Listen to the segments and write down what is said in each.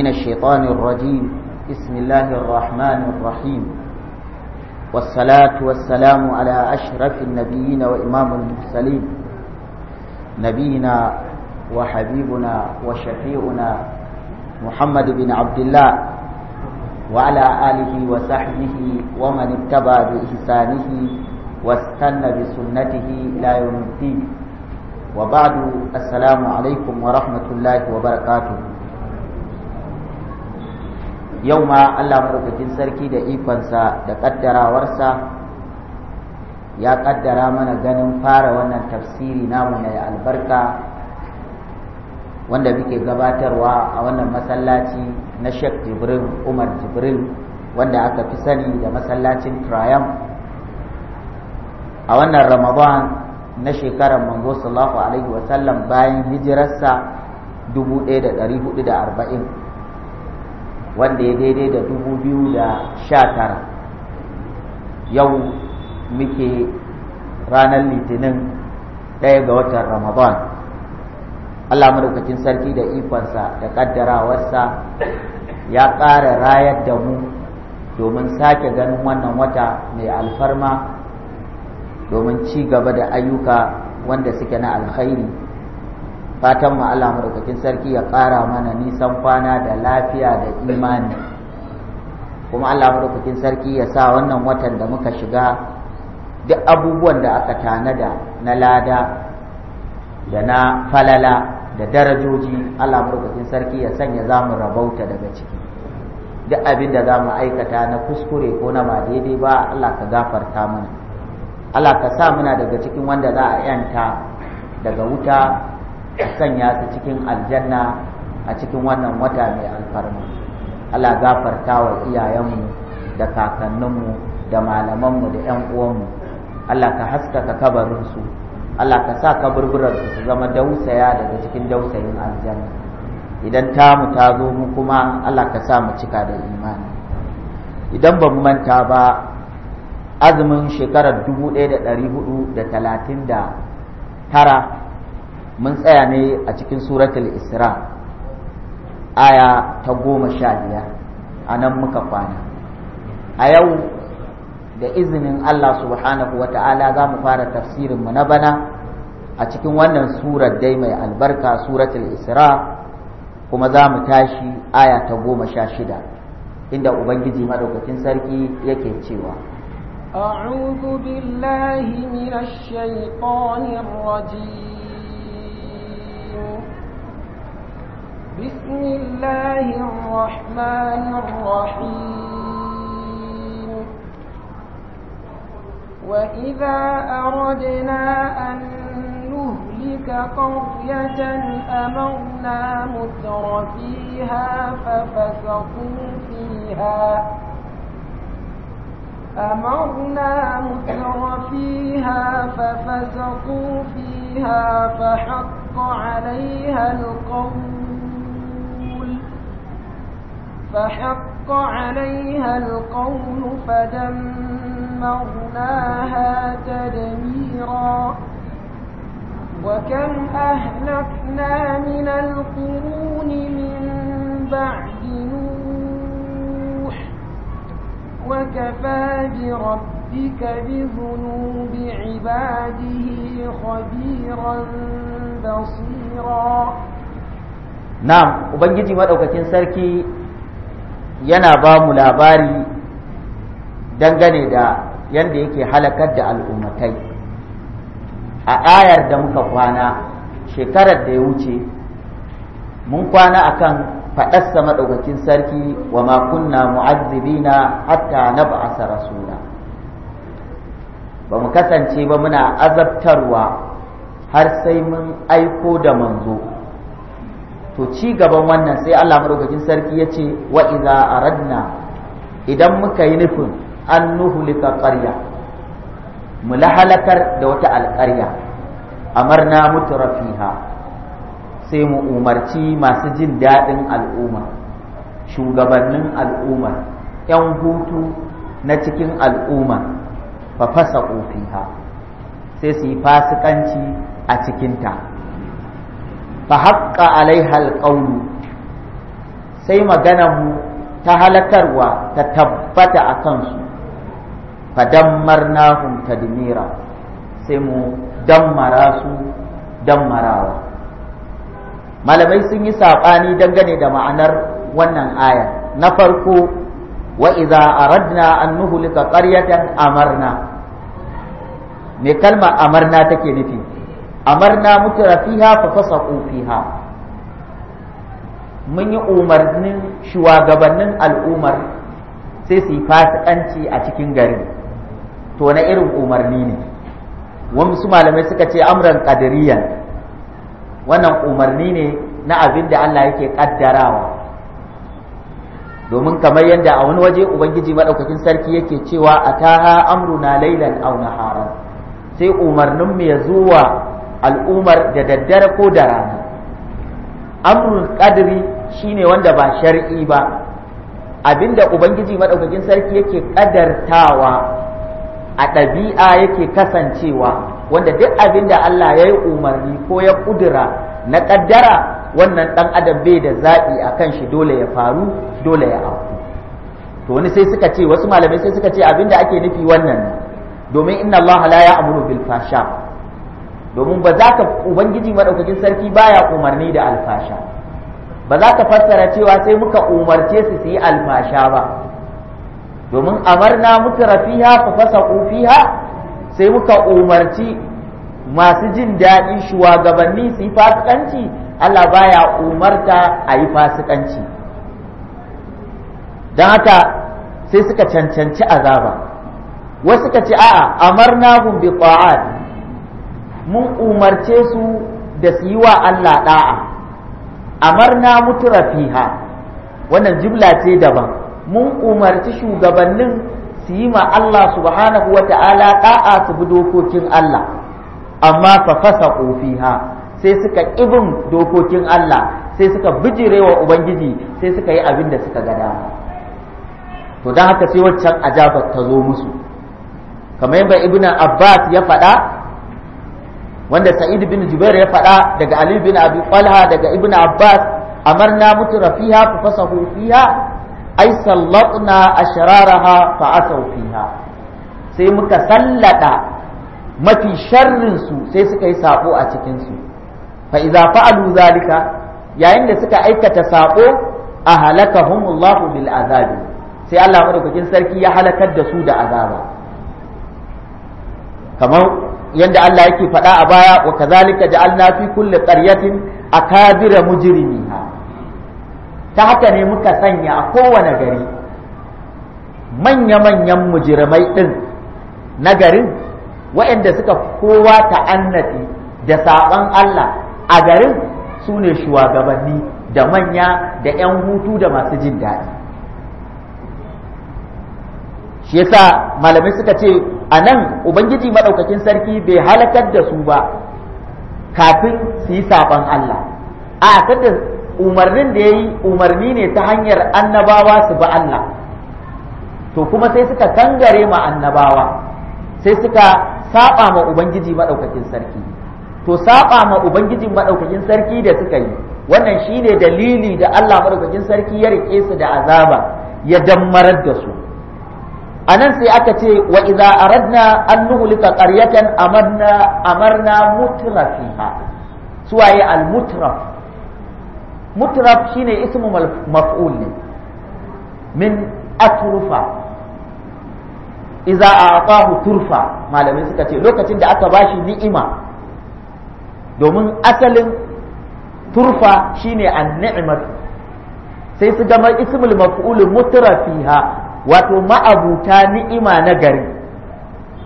من الشيطان الرجيم بسم الله الرحمن الرحيم والصلاة والسلام على أشرف النبيين وإمام المرسلين نبينا وحبيبنا وشفيعنا محمد بن عبد الله وعلى آله وصحبه ومن اتبع بإحسانه واستنى بسنته إلى يوم الدين وبعد السلام عليكم ورحمة الله وبركاته yau ma Allah bikin sarki da ikonsa da ƙaddarawarsa ya ƙaddara mana ganin fara wannan tafsiri namu mai albarka wanda muke gabatarwa a wannan masallaci na Sheikh Jibril Umar Jibril wanda aka fi sani da masallacin Triumph a wannan Ramadan na shekarar manzo sallallahu alaihi wasallam bayan hijirarsa 1440 wanda ya daidai da dubu biyu da sha tara yau muke ranar litinin ɗaya ga watan ramadan allah madaukakin sarki da ikonsa da ƙaddarawarsa ya ƙara rayar da mu domin sake ganin wannan wata mai alfarma domin ci gaba da ayyuka wanda suke na alkhairi fatan mu Allah madaukakin sarki ya ƙara mana nisan kwana da lafiya da imani kuma Allah madaukakin sarki ya sa wannan watan da muka shiga duk abubuwan da aka tanada na lada da na falala da darajoji Allah madaukakin sarki ya sanya za mu rabauta daga ciki duk abin da za mu aikata na kuskure ko na ba daidai ba Allah ka gafarta mana Allah ka sa muna daga cikin wanda za a yanta daga wuta sanya su cikin aljanna a cikin wannan wata mai alfarma Allah gafarta wa iyayenmu da kakanninmu da malamanmu da 'yan uwanmu Allah ka haskaka kabarinsu Allah ka sa kaburburansu su zama dausaya daga cikin dausayin aljanna idan tamu ta zo mu kuma Allah ka sa mu cika da imani idan ba mu manta ba azumin shekarar 1439 mun tsaya ne a cikin suratul isra aya ta goma sha biyar a nan muka kwana a yau da izinin Allah subhanahu wa ta'ala za mu fara tafsirinmu na bana a cikin wannan surar dai mai albarka suratul isra kuma za mu tashi aya ta goma sha shida inda ubangiji maɗaukacin sarki yake cewa أعوذ بالله من الشيطان الرجيم بسم الله الرحمن الرحيم وإذا أردنا أن نهلك قرية أمرنا متر فيها ففسقوا فيها أمرنا متر فيها ففسقوا فيها فحق حق عليها القول فحق عليها القول فدمرناها تدميرا وكم أهلكنا من القرون من بعد نوح وكفى بربك ربك بذنوب عباده خبيرا بصيرا نعم ubangiji madaukakin sarki yana ba mu labari dangane da yanda yake halakar da al'ummatai a ayar da muka kwana shekarar da ya wuce mun kwana akan faɗarsa maɗaukakin sarki wa makunna mu'azzibina hatta na ba'asa rasula ba mu kasance ba muna azabtarwa har sai mun aiko da manzo to ci gaban wannan sai Allah madaukakin sarki ya ce wa iza aradna idan muka yi nufin an nuhulika qarya mu lahalakar da wata alƙarya amarna mutrafiha sai mu umarci masu jin daɗin al'umma shugabannin al'umma 'yan hutu na cikin al'umma fa fasaqu fiha sai su yi fasikanci a cikinta fa haqqa alaiha alqawlu sai maganar mu ta halakarwa ta tabbata a kansu fa dammarnahum tadmira sai mu dammara su dammarawa malamai sun yi saɓani dangane da ma'anar wannan aya na farko wa iza aradna an nuhlika qaryatan amarna me kalma amarna take nufi amarna mutura fiha fa fasaqu fiha mun yi umarnin shugabannin al'umar sai su yi fasikanci a cikin gari, to na irin umarni ne wasu malamai suka ce amran qadariyan wannan umarni ne na abin da Allah yake kaddarawa domin kamar yadda a wani waje ubangiji madaukakin sarki yake cewa a ataha amruna lailan aw naharan sai umarnin mu ya zuwa al'umar da daddare ko da rana amrul qadri shine wanda ba shar'i ba abinda ubangiji madaukakin sarki yake kadartawa a ɗabi'a yake kasancewa wanda duk abinda Allah ya yi umarni ko ya kudura na kaddara wannan dan adam bai da zaɓi a kan shi dole ya faru dole ya auku to wani sai suka ce wasu malamai sai suka ce abinda ake nufi wannan domin inna Allah la amuru bil fasha domin ba za ka ubangiji madaukakin sarki baya umarni da alfasha ba za ka fassara cewa sai muka umarce su su yi alfasha ba domin amarna muka rafiha fa fasaqu fiha sai muka umarci masu jin daɗi shugabanni su yi fasikanci Allah baya umarta a yi fasikanci don haka sai suka cancanci azaba wasu ka ce a'a amarnahum bi ta'at mun umarce su da su yi wa Allah da'a amarna mutu rafiha, wannan jimla ce daban mun umarci shugabannin su yi ma Allah subhanahu wa ta'ala da'a su bi dokokin Allah amma fa fasa fiha sai suka ƙibin dokokin Allah sai suka bijirewa ubangiji sai suka yi abin da suka gada. to dan haka sai waccan ajabar ta zo musu kamar yadda ibn abbas ya faɗa wanda sa'id bin jubair ya faɗa daga ali bin abi talha daga ibn abbas amarna mutu rafiha fa fasahu fiha ai sallatna ashraraha fa asaw fiha sai muka sallada mafi sharrin su sai suka yi sabo a cikin su fa idza fa'alu zalika yayin da suka aikata sabo ahalakahumullahu bil azabi sai Allah madaukakin sarki ya halakar da su da azaba kamar yadda Allah yake faɗa a baya wa kazalika ja'alna fi kulli qaryatin akabira mujrimiha ta haka ne muka sanya a kowane gari manya-manyan mujirmai din, na garin waɗanda suka kowa ta'annati da saɓan Allah a garin su ne shugabanni da manya da 'yan hutu da masu jin daɗi shi yasa malamai suka ce a nan ubangiji maɗaukakin sarki bai halakar da su ba kafin su yi saɓon Allah a da umarnin da ya yi umarni ne ta hanyar annabawa su ba Allah to kuma sai suka kangare ma annabawa sai suka saɓa ma ubangiji maɗaukakin sarki to saɓa ma ubangiji maɗaukakin sarki da suka yi wannan shine dalili da Allah maɗaukakin sarki ya rike su da azaba ya dammarar da su anan sai aka ce wa iza aradna an nuhlika qaryatan amarna amarna mutrafiha suwaye al mutraf mutraf shine ismu maf'ul ne min atrufa iza a'tahu turfa malamai suka ce lokacin da aka bashi ni'ima domin asalin turfa shine an ni'matu sai su gama ismul maf'ul mutrafiha wato ma'abuta ni'ima na gari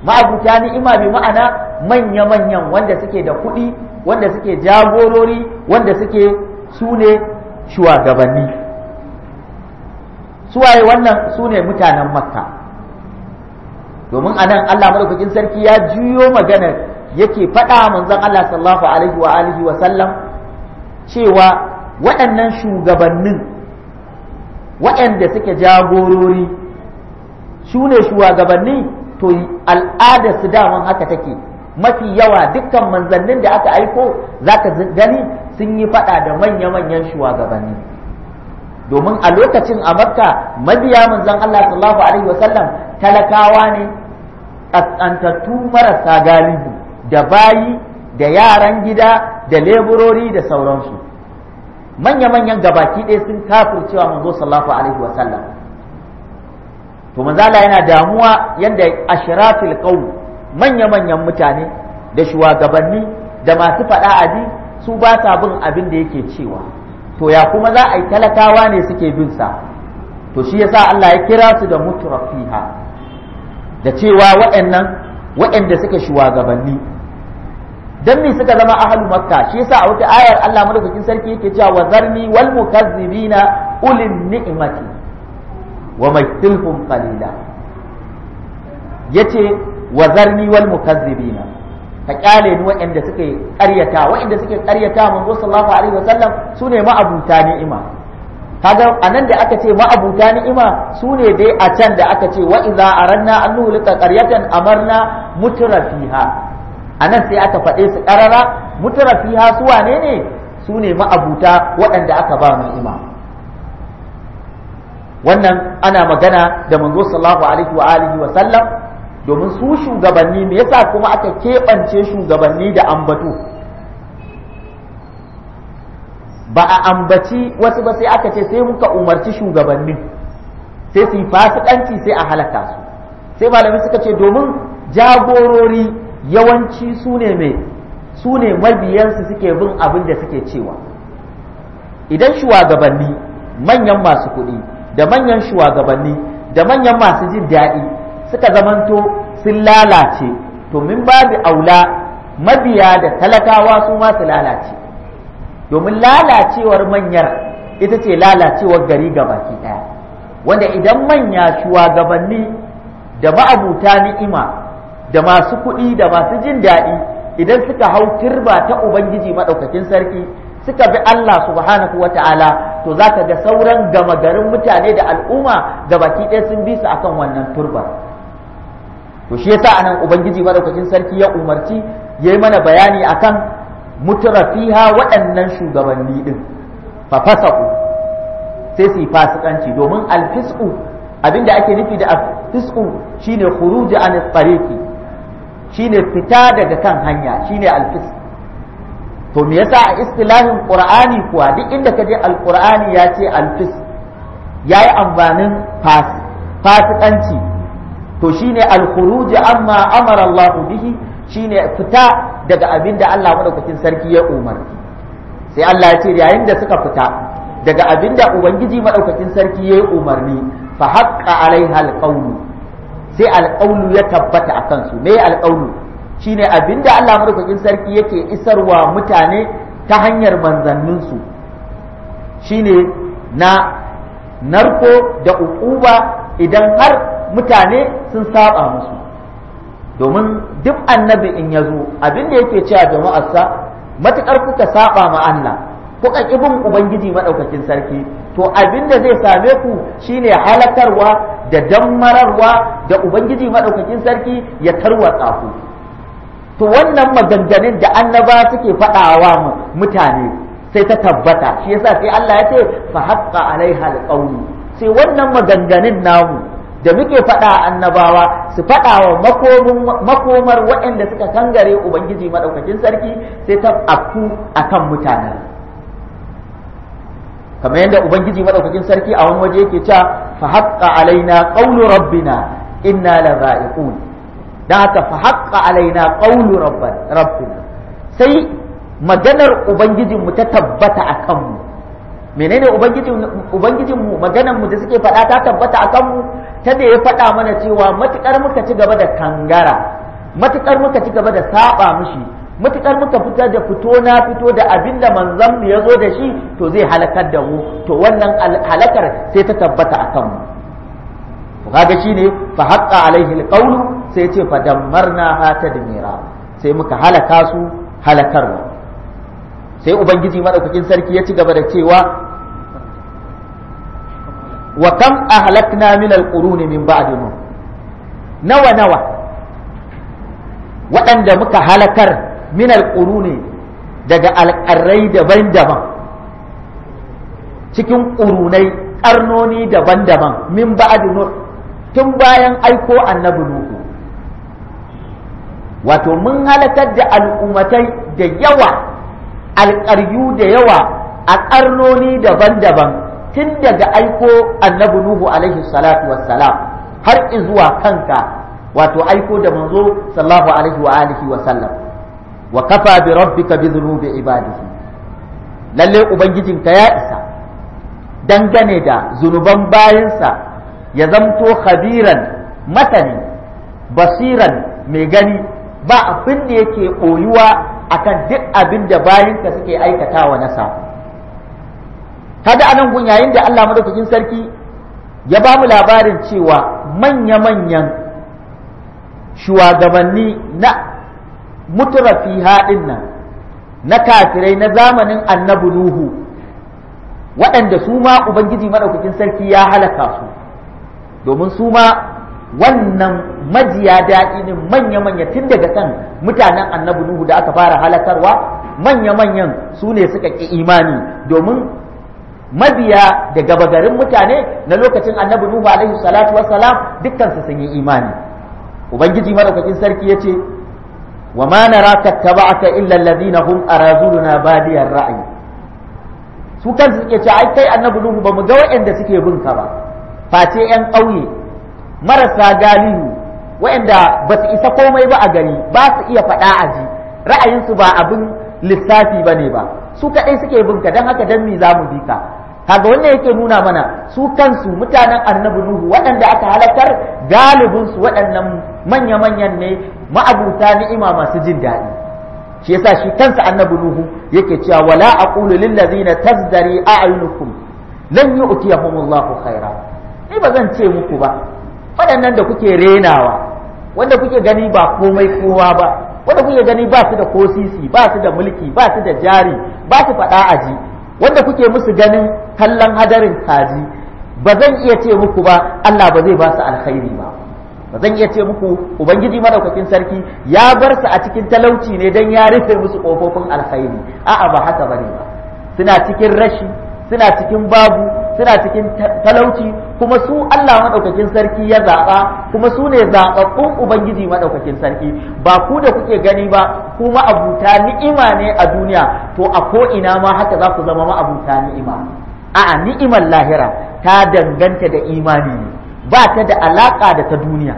ma'abuta ni'ima bi ma'ana manya-manyan wanda suke da kuɗi wanda suke jagorori wanda suke su ne shugabanni suwaye wannan su ne mutanen makka domin anan allah madaukakin sarki ya juyo maganar yake faɗa manzon allah sallallahu alaihi wa alihi wa sallam cewa waɗannan shugabannin waɗanda suke jagorori su ne shugabanni to al'ada su daman haka take mafi yawa dukkan manzannin da aka aiko zaka gani sun yi fada da manya-manyan shugabanni domin a lokacin a makka mabiya manzan Allah sallallahu alaihi wasallam talakawa ne tsantattu marasa galibi da bayi da yaran gida da leburori da sauransu manya-manyan gabaki ɗaya sun kafircewa manzo sallallahu alaihi wasallam to manzala yana damuwa yanda ashratul qaum manya manyan mutane da shugabanni da masu faɗa abi su ba sa bin abin da yake cewa to ya kuma za a yi talakawa ne suke bin sa to shi yasa Allah ya kira su da mutrafiha da cewa waɗannan waɗanda suka shugabanni dan me suka zama ahlu makka shi yasa a wata ayar Allah madaukakin sarki yake cewa wazarni wal mukazzibina ulin ni'mati wa mai makilhum qalila yace wa zarni wal mukazzibina ka kyale ni waɗanda suke ƙaryata waɗanda suke ƙaryata manzo sallallahu alaihi wasallam sune ma'abuta ni'ima kaga anan da aka ce ma'abuta ni'ima sune dai a can da aka ce wa'iza, a ranna, an nuhlika qaryatan amarna mutra fiha anan sai aka faɗe su ƙarara mutra fiha su wane ne sune ma'abuta waɗanda aka ba ni'ima wannan ana magana da manzo sallallahu alaihi wa alihi wa sallam domin su shugabanni me yasa kuma aka keɓance shugabanni da ambato ba a ambaci wasu ba sai aka ce sai muka umarci shugabanni sai su yi fasikanci sai a halaka su sai malami suka ce domin jagorori yawanci su ne mai su mabiyansu suke bin abin da suke cewa idan shugabanni manyan masu kuɗi da manyan shugabanni da manyan masu jin daɗi suka zamanto sun lalace to min babu aula mabiya da talakawa su ma su lalace domin lalacewar manyar ita ce lalacewar gari baki ɗaya wanda idan manya shugabanni da ma'abuta ni'ima da masu kuɗi da masu jin daɗi idan suka hau turba ta ubangiji maɗaukakin sarki suka bi Allah subhanahu wa to za ka ga sauran gama garin mutane da al'umma baki ɗaya sun bi su akan wannan turba to shi yasa anan ubangiji madaukakin sarki ya umarci ya yi mana bayani akan mutarafiha waɗannan shugabanni ɗin. fafasaku sai su yi fasikanci domin alfisku abinda ake nufi da alfisku shine huruji an tsareki shine fita daga kan hanya shine alfisku to me yasa a istilahin qur'ani kuwa duk inda ka je alqur'ani ya ce alfis amfanin fas fasikanci to shine alkhuruj amma amara Allah bihi shine fita daga abin da Allah madaukakin sarki ya umarci sai Allah ya ce yayin da suka fita daga abin da ubangiji madaukakin sarki ya yi umarni fa haqqa alaiha alqawlu sai alqawlu ya tabbata akan su me alqawlu shine abinda Allah madaukakin sarki yake isarwa mutane ta hanyar manzanninsu shine na narko da ukuba idan har mutane sun saba musu domin duk annabi in ya zo abinda yake cewa jama'arsa matukar kuka saba ma Allah kuka kibin ubangiji madaukakin sarki to abinda zai same ku shine halakarwa da dammararwa da ubangiji madaukakin sarki ya tarwatsa ku to wannan maganganun da annaba suke faɗawa mutane sai ta tabbata shi yasa sai Allah ya ce fa haqqa alaiha alqawlu sai wannan maganganun namu da muke faɗa annabawa su faɗawa makomar waɗanda suka kangare ubangiji madaukakin sarki sai ta afku akan mutane kamar yadda ubangiji madaukakin sarki a wani waje yake cewa fa haqqa alaina qawlu rabbina inna la za'iqun na haka fa haƙƙa alaina ƙaunu rabbina sai maganar ubangijinmu ta tabbata a kanmu menene ubangijinmu maganarmu da suke faɗa ta tabbata a kanmu ta da ya faɗa mana cewa matuƙar muka ci gaba da kangara matuƙar muka ci gaba da saɓa mushi matuƙar muka fita da fito na fito da abin da manzanmu ya zo da shi to zai halakar da mu to wannan halakar sai ta tabbata a kanmu kaga shine fa haƙa alaihi alqawlu sai ce fa dammarna ha tadmira sai muka halaka su halakarwa sai ubangiji madaukakin sarki ya ci gaba da cewa wa kam ahlakna min alquruni min ba'di nawa nawa waɗanda muka halakar min alquruni daga alƙarrai daban-daban cikin ƙurunai ƙarnoni daban-daban min ba'di tun bayan aiko annabi nuhu wato mun halakar da al'ummatai da yawa alƙaryu da yawa a ƙarnoni daban-daban tun daga aiko annabi nuhu alaihi salatu wassalam har zuwa kanka wato aiko da manzo sallahu alaihi wa alihi wa sallam wa kafa bi rabbika bi dhunubi ibadihi lalle ubangijinka ya isa dangane da zunuban bayansa ya zamto khabiran masani basiran mai gani ba abin da yake koyuwa akan duk abin da bayinka suke aikatawa na sabo kaga anan gun yayin da Allah madaukakin sarki ya ba mu labarin cewa manya-manyan shugabanni na mutarafi haɗin nan na kafirai na zamanin annabi Nuhu waɗanda su ma Ubangiji madaukakin sarki ya halaka su domin su ma wannan majiya daɗi ne manya-manya tun daga kan mutanen annabi nuhu da aka fara halakarwa manya-manyan su ne suka ƙi imani domin mabiya da gabagarin mutane na lokacin annabi nuhu alaihi salatu wassalam dukkan su sun yi imani ubangiji madaukakin sarki ya ce. wa ma naraka na illa alladhina hum arazuluna badiyar ra'ayi su kansu suke ce ai kai annabi nuhu mu ga waɗanda suke bin ka ba face yan ƙauye marasa galihu waɗanda ba su isa komai ba a gari ba su iya faɗa a ji ra'ayinsu ba abin lissafi ba ne ba su kaɗai suke ka don haka dan me za mu bi ka kaga wannan yake nuna mana su kansu mutanen annabi nuhu waɗanda aka halakar galibinsu waɗannan manya-manyan ne ma'abuta ni'ima masu jin daɗi shi yasa shi kansa annabi nuhu yake cewa wala aqulu lil ladzina tazdari a'yunukum lan yu'tiyahumullahu khaira ni ba zan ce muku ba waɗannan da kuke renawa wanda kuke gani ba komai kowa ba wanda kuke gani ba su da kosisi ba su da mulki ba su da jari ba su faɗa ji wanda kuke musu ganin kallon hadarin kaji ba zan iya ce muku ba Allah ba zai ba su alkhairi ba ba zan iya ce muku ubangiji madaukakin sarki ya bar su a cikin talauci ne dan ya rufe musu kofofin alkhairi a'a ba haka bane ba suna cikin rashi suna cikin babu suna cikin talauci kuma su Allah madaukakin sarki ya zaɓa kuma su ne zaɓaɓɓun ubangiji madaukakin sarki ba ku da kuke gani ba kuma abuta ni'ima ne a duniya to a ko ina ma haka za ku zama ma abuta ni'ima a'a ni'imar lahira ta danganta da imani ne ba ta da alaka da ta duniya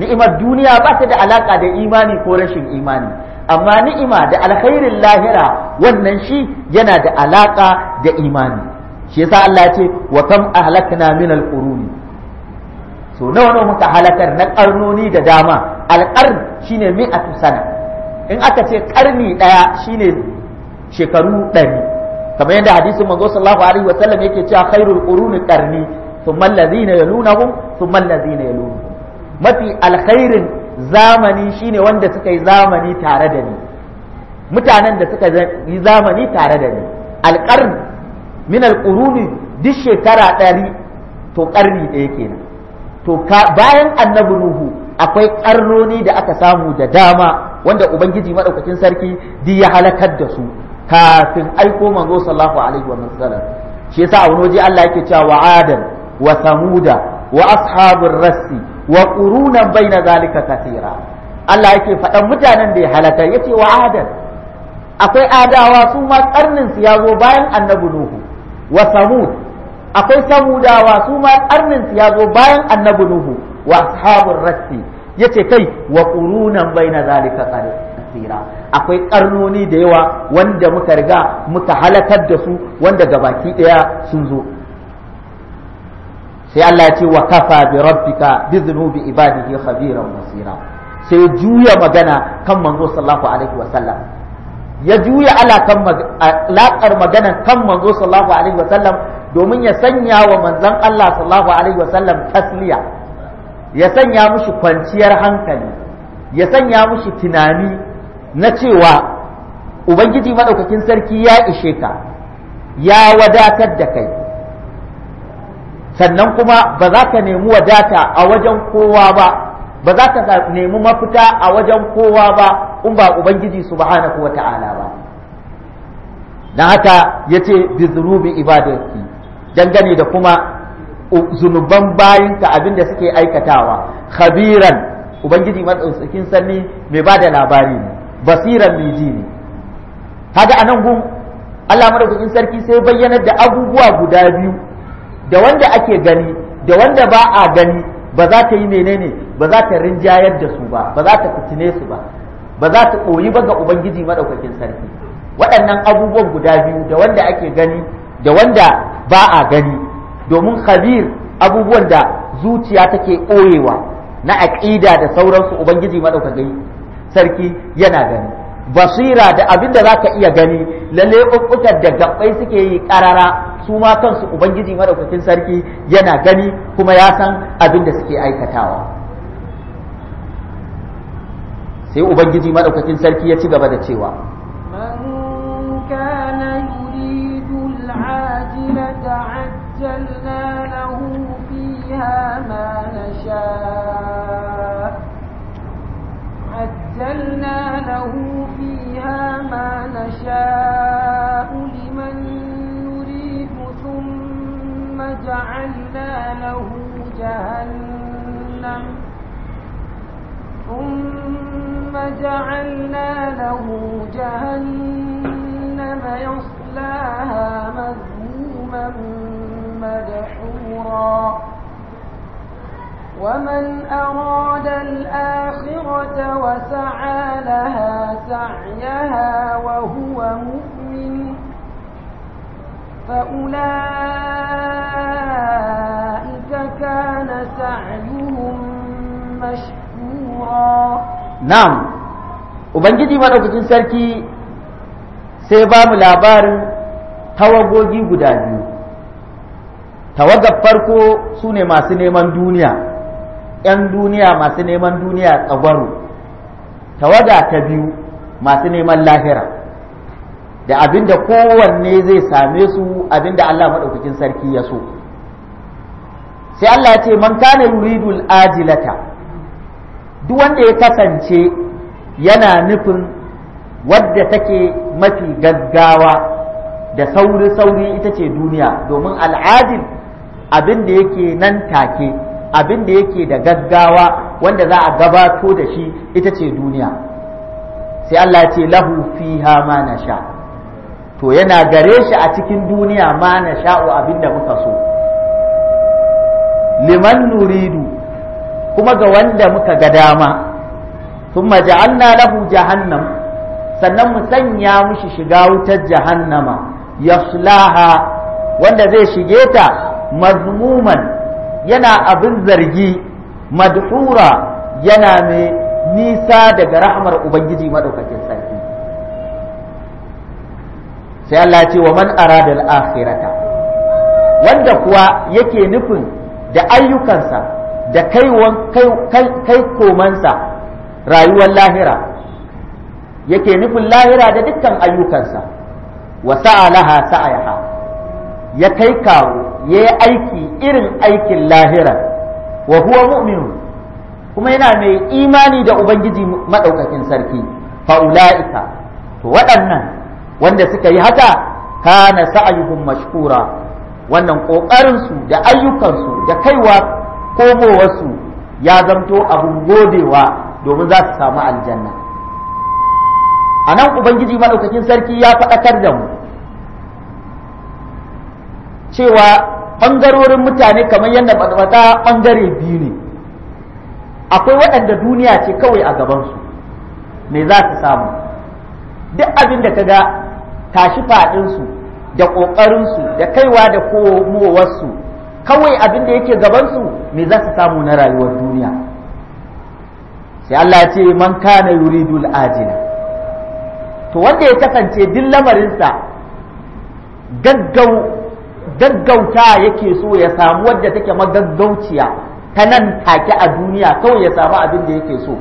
ni'imar duniya ba ta da alaƙa da imani ko rashin imani amma ni'ima da alkhairin lahira wannan shi yana da alaƙa da imani shi yasa Allah ce wa kam ahlakna min al-quruni so nawa nawa muka halakar na karnoni da dama al-qarn shine mi'atu sana in aka ce karni daya shine shekaru 100 kamar yadda hadisin manzo sallallahu alaihi wa sallam yake cewa khairul quruni qarni thumma alladhina yalunahum thumma alladhina yalunahum mafi alkhairin zamani shine wanda suka yi zamani tare da ni mutanen da suka yi zamani tare da ni alƙarni min kuruni duk shekara ɗari to ƙarni ɗaya kenan to bayan annabi nuhu akwai ƙarnoni da aka samu da dama wanda ubangiji maɗaukakin sarki duk ya halakar da su kafin aiko manzo sallallahu alaihi wa sallam shi yasa a wani waje Allah yake cewa wa adam wa samuda wa ashabur rassi wa qurunan baina zalika katira Allah yake faɗan mutanen da ya halaka yace wa adam akwai adawa su ma karnin su ya zo bayan annabi nuhu wa samud akwai samudawa su ma karnin ya zo bayan annabi nuhu wa ashabur rassi yace kai wa qurunan baina zalika kasira akwai karnoni da yawa wanda muka riga muka halakar da su wanda gabaki daya sun zo sai Allah ya ce wa kafa bi rabbika bi dhunubi ibadihi khabiran basira sai juya magana kan manzo sallallahu alaihi wasallam ya juya alakan alaƙar maganan kan manzo sallallahu alaihi wasallam domin ya sanya wa manzon Allah sallallahu alaihi wasallam tasliya ya sanya mushi kwanciyar hankali ya sanya mushi tunani na cewa ubangiji madaukakin sarki ya ishe ka ya wadatar da kai sannan kuma ba za ka nemi wadata a wajen kowa ba ba za ka nemi mafita a wajen kowa ba in ba ubangiji subhanahu ta'ala ba dan haka yace bi zunubi ibadati dangane da kuma zunuban bayinka abinda suke aikatawa khabiran ubangiji madaukakin sanni mai ba da labari ne basiran mai ji ne kaga anan gun Allah madaukakin sarki sai bayyana da abubuwa guda biyu da wanda ake gani da wanda ba a gani ba za ta yi menene ba za ta rinjayar da su ba ba za ta fitine su ba ba za ta koyi ba ga ubangiji madaukakin sarki waɗannan abubuwan guda biyu da wanda ake gani da wanda ba a gani domin khabir abubuwan da zuciya take koyewa na aqida da sauransu ubangiji madaukakin sarki yana gani basira da abin da za ka iya gani lalle ƙuƙƙutar da gabbai suke yi ƙarara su ma kansu ubangiji madaukakin sarki yana gani kuma ya san abin da suke aikatawa sai ubangiji madaukakin sarki ya ci gaba da cewa عجلنا له فيها ما نشاء عجلنا له فيها لمن جعلنا له جهنم ثم جعلنا له جهنم يصلاها مذموما مدحورا ومن أراد الآخرة وسعى لها سعيها وهو مؤمن فأولئك كان سعيهم مشكورا نعم Ubangiji maɗaukacin sarki sai ba mu labarin tawagogi guda biyu, tawagar farko su ne masu neman duniya, ‘yan duniya masu neman duniya tsagwaro, tawaga ta biyu masu neman lahira. da abinda kowanne zai same su abinda Allah maɗaukakin sarki ya so sai Allah ya ce man kana yuridul ajilata duk wanda ya kasance yana nufin wadda take mafi gaggawa da sauri-sauri ita ce duniya domin al'adil abin da yake nan take abin da yake da gaggawa wanda za a gabato da shi ita ce duniya sai Allah ce lahu fiha ma nasha to yana gare shi a cikin duniya ma na sha'u abinda muka so liman nuridu kuma ga wanda muka ga dama thumma ja'alna lahu jahannam sannan mu sanya mushi shiga wutar jahannama yaslaha wanda zai shige ta mazmuman yana abin zargi madhura yana mai nisa daga rahmar ubangiji madaukakin sarki sai Allah ce wa man arada al-akhirata wanda kuwa yake nufin da ayyukansa da kai komansa rayuwar lahira yake nufin lahira da dukkan ayyukansa wa sa'alaha sa'ayaha ya kai kawo ya yi aiki irin aikin lahira wa huwa mu'minu kuma yana mai imani da ubangiji maɗaukakin sarki fa'ula'ika to waɗannan wanda suka yi haka kana sa'ayuhum mashkura wannan kokarinsu da ayyukansu da kaiwa komowarsu ya zamto abun godewa domin za su samu aljanna a nan ubangiji maɗaukakin sarki ya faɗakar da mu cewa ɓangarorin mutane kamar yadda faɗa ɓangare biyu ne akwai waɗanda duniya ce kawai a gabansu me za su samu duk abin da ka ga tashi faɗinsu da ƙoƙarinsu da kaiwa da komowarsu kawai abin da yake gabansu me za su samu na rayuwar duniya sai Allah ya ce man kana yuridul ajila to wanda ya kasance duk lamarinsa gaggauta yake so ya samu wadda take magaggauciya ta nan take a duniya kawai ya samu abin da yake so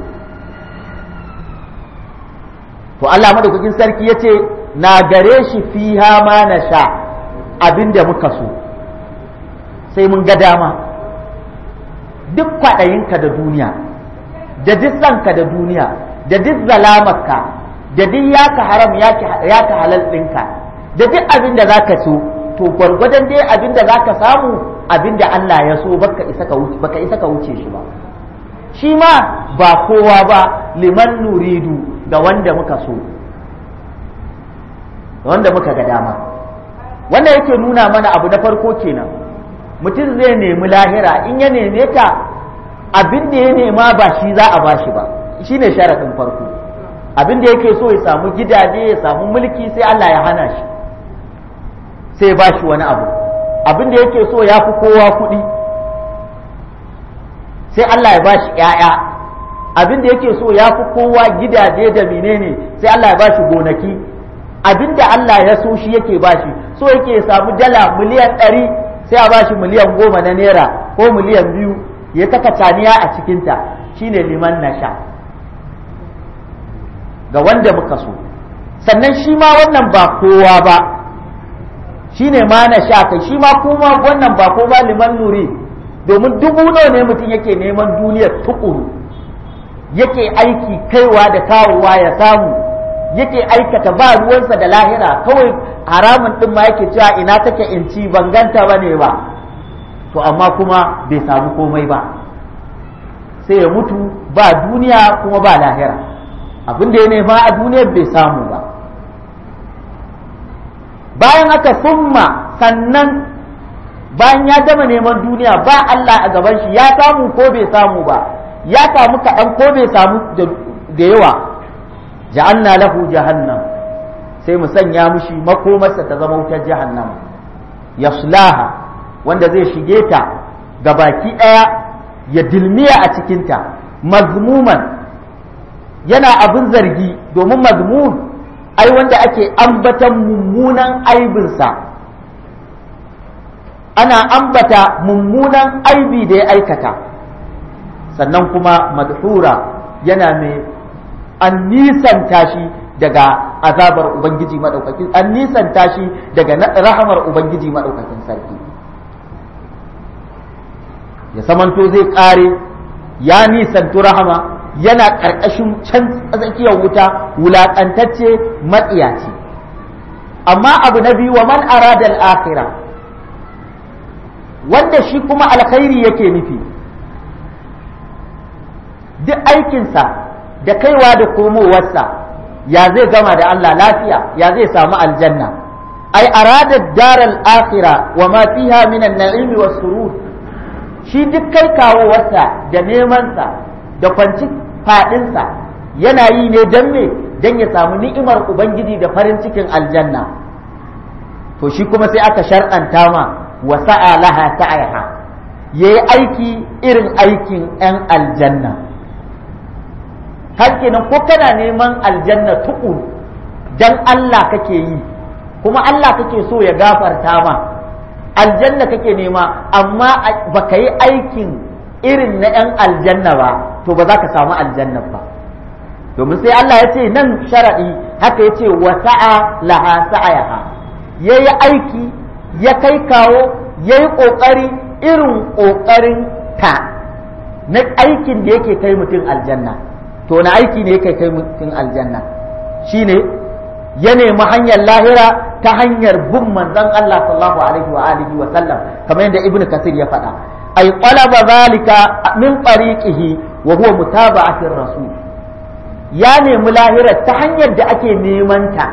to Allah madaukakin sarki ya ce na gare shi fiha ma na sha abinda muka so sai mun ga dama duk kwaɗayinka da duniya da duk da duniya da duk zalamarka da duk yaka haram yaka halal ɗinka da duk abin da za ka so to gwargwadon dai abin da za ka samu abin da Allah ya so baka isa ka wuce shi ba shi ma ba kowa ba liman nuridu ga wanda muka so wanda muka ga dama wanda yake nuna mana abu na farko kenan mutum zai nemi lahira in ya neme ta abin da ya nema ba shi za a ba shi ba shi ne sharaɗin farko abin da yake so ya samu gidaje ya samu mulki sai Allah ya hana shi sai ba shi wani abu abin da yake so ya fi kowa kuɗi sai Allah ya ba shi ‘ya'ya abin da yake so ya fi kowa gidaje da menene sai Allah ya ba shi gonaki abinda Allah ya so shi yake bashi so yake ya samu dala miliyan ɗari sai a ba shi miliyan goma na naira ko miliyan biyu ya kaka caniya a cikinta shine liman nasha ga wanda muka so sannan shi ma wannan ba kowa ba shi ne ma na sha kai shi ma kuma wannan ba kowa liman nuri domin dubu nawa ne mutum yake neman duniyar tukuru yake aiki kaiwa da kawowa ya samu yake aikata ba ruwansa da lahira kawai haramun din ma yake cewa ina take in ci ban ganta bane ba to amma kuma bai samu komai ba sai ya mutu ba duniya kuma ba lahira abin da ya nema a duniyar bai samu ba bayan aka summa sannan bayan ya gama neman duniya ba Allah a gaban shi ya samu ko bai samu ba ya samu kaɗan ko bai samu da yawa ja'anna lahu jahannam sai mu sanya mushi makomarsa ta zama wutar ya sulaha wanda zai shige ta ga baki ɗaya ya dilmiya a cikin ta. mazmuman yana abin zargi domin mazmun ai wanda ake ambatan mummunan aibinsa ana ambata mummunan aibi da ya aikata sannan kuma madhura yana mai an nisanta shi daga azabar ubangiji madaukakin an nisanta shi daga rahamar ubangiji madaukakin sarki ya samanto zai kare ya nisantu rahama yana karkashin can tsakiyar wuta wulakantacce matsiyaci amma abu na biyu wa man arada al-akhirah wanda shi kuma alkhairi yake nufi duk aikinsa da kaiwa da komowarsa ya zai gama da Allah lafiya ya zai samu aljanna ai arada daral akhirah wa ma fiha min an-na'imi was shi duk kai kawowarsa da neman sa da kwanci fadin sa yana yi ne dan me dan ya samu ni'imar ubangiji da farin cikin aljanna to shi kuma sai aka shar'anta ma wa sa'a laha ta'iha yayi aiki irin aikin 'yan aljanna har kenan ko kana neman aljanna tuƙu dan Allah kake yi kuma Allah kake so ya gafarta ma aljanna kake nema amma baka yi aikin irin na 'yan aljanna ba to ba za ka samu aljanna ba domin sai Allah ya ce nan sharaɗi haka ya ce wa sa'a laha sa'ayaha ya yi aiki ya kai kawo ya yi ƙoƙari irin ƙoƙarin ta na aikin da yake kai mutum aljanna to na aiki ne kai kai mutum aljanna shine ya nemi hanyar lahira ta hanyar bin manzon Allah sallallahu alaihi wa alihi wa sallam kamar yadda ibnu kasir ya faɗa ay qalaba zalika min tariqihi wa huwa mutaba'atir rasul ya nemi lahira ta hanyar da ake neman ta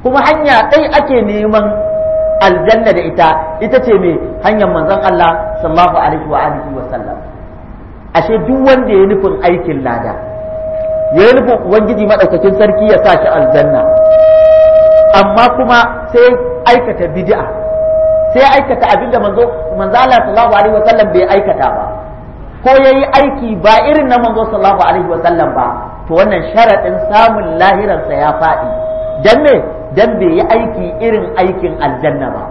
kuma hanya ɗai ake neman aljanna da ita ita ce mai hanyar manzon Allah sallallahu alaihi wa alihi wa sallam ashe duk wanda ya nufin aikin lada ya nufin ubangiji maɗaukakin sarki ya sa shi aljanna amma kuma sai aikata bid'a sai aikata abinda manzo manzo Allah sallallahu alaihi sallam bai aikata ba ko yayi aiki ba irin na manzo sallallahu alaihi sallam ba to wannan sharadin samun lahiransa ya faɗi dan me dan bai yi aiki irin aikin aljanna ba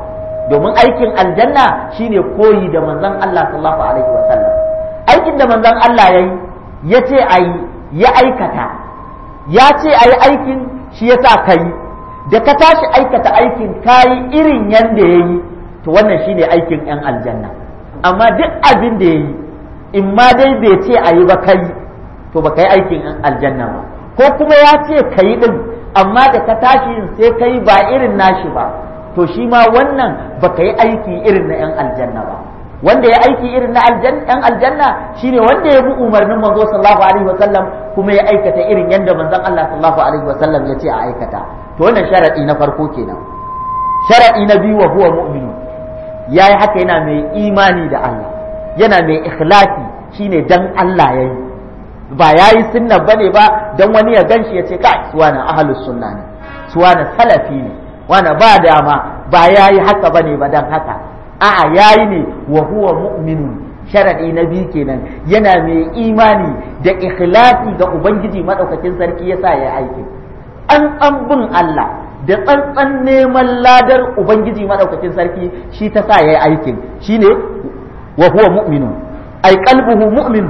domin aikin aljanna shine koyi da manzon Allah sallallahu alaihi sallam aikin da manzon Allah yayi yace ayi ya aikata ya ce a yi aikin shi ya sa ka yi da ka tashi aikata aikin ka yi irin yadda ya yi to wannan shi ne aikin 'yan aljanna amma duk abin da ya yi in ma dai bai ce a yi ba ka yi to ba ka yi aikin 'yan aljanna ba ko kuma ya ce ka yi ɗin amma da ka tashi yin sai ka yi ba irin nashi ba to shi ma wannan ba ka yi aiki irin na 'yan aljanna ba wanda ya aiki irin na aljanna aljanna shine wanda ya bi umarnin manzo sallallahu alaihi wasallam kuma ya aikata irin yanda manzon Allah sallallahu alaihi wasallam ya ce a aikata to wannan sharadi na farko kenan sharadi na biyu wa huwa mu'minu yayi haka yana mai imani da Allah yana mai ikhlasi shine dan Allah yayi ba yayi sunna bane ba dan wani ya ganshi ya ce kai suwana ahlus sunna ne suwana salafi ne wana ba dama ba yayi haka bane ba dan haka a'a yayi ne wa huwa mu'minun sharadi na biyu kenan yana mai imani da ikhlasi ga ubangiji madaukakin sarki yasa ya aiki an an bin Allah da tsantsan neman ladar ubangiji madaukakin sarki shi ta sa ya yi aikin ne wa huwa mu'minun ai kalbuhu mu'min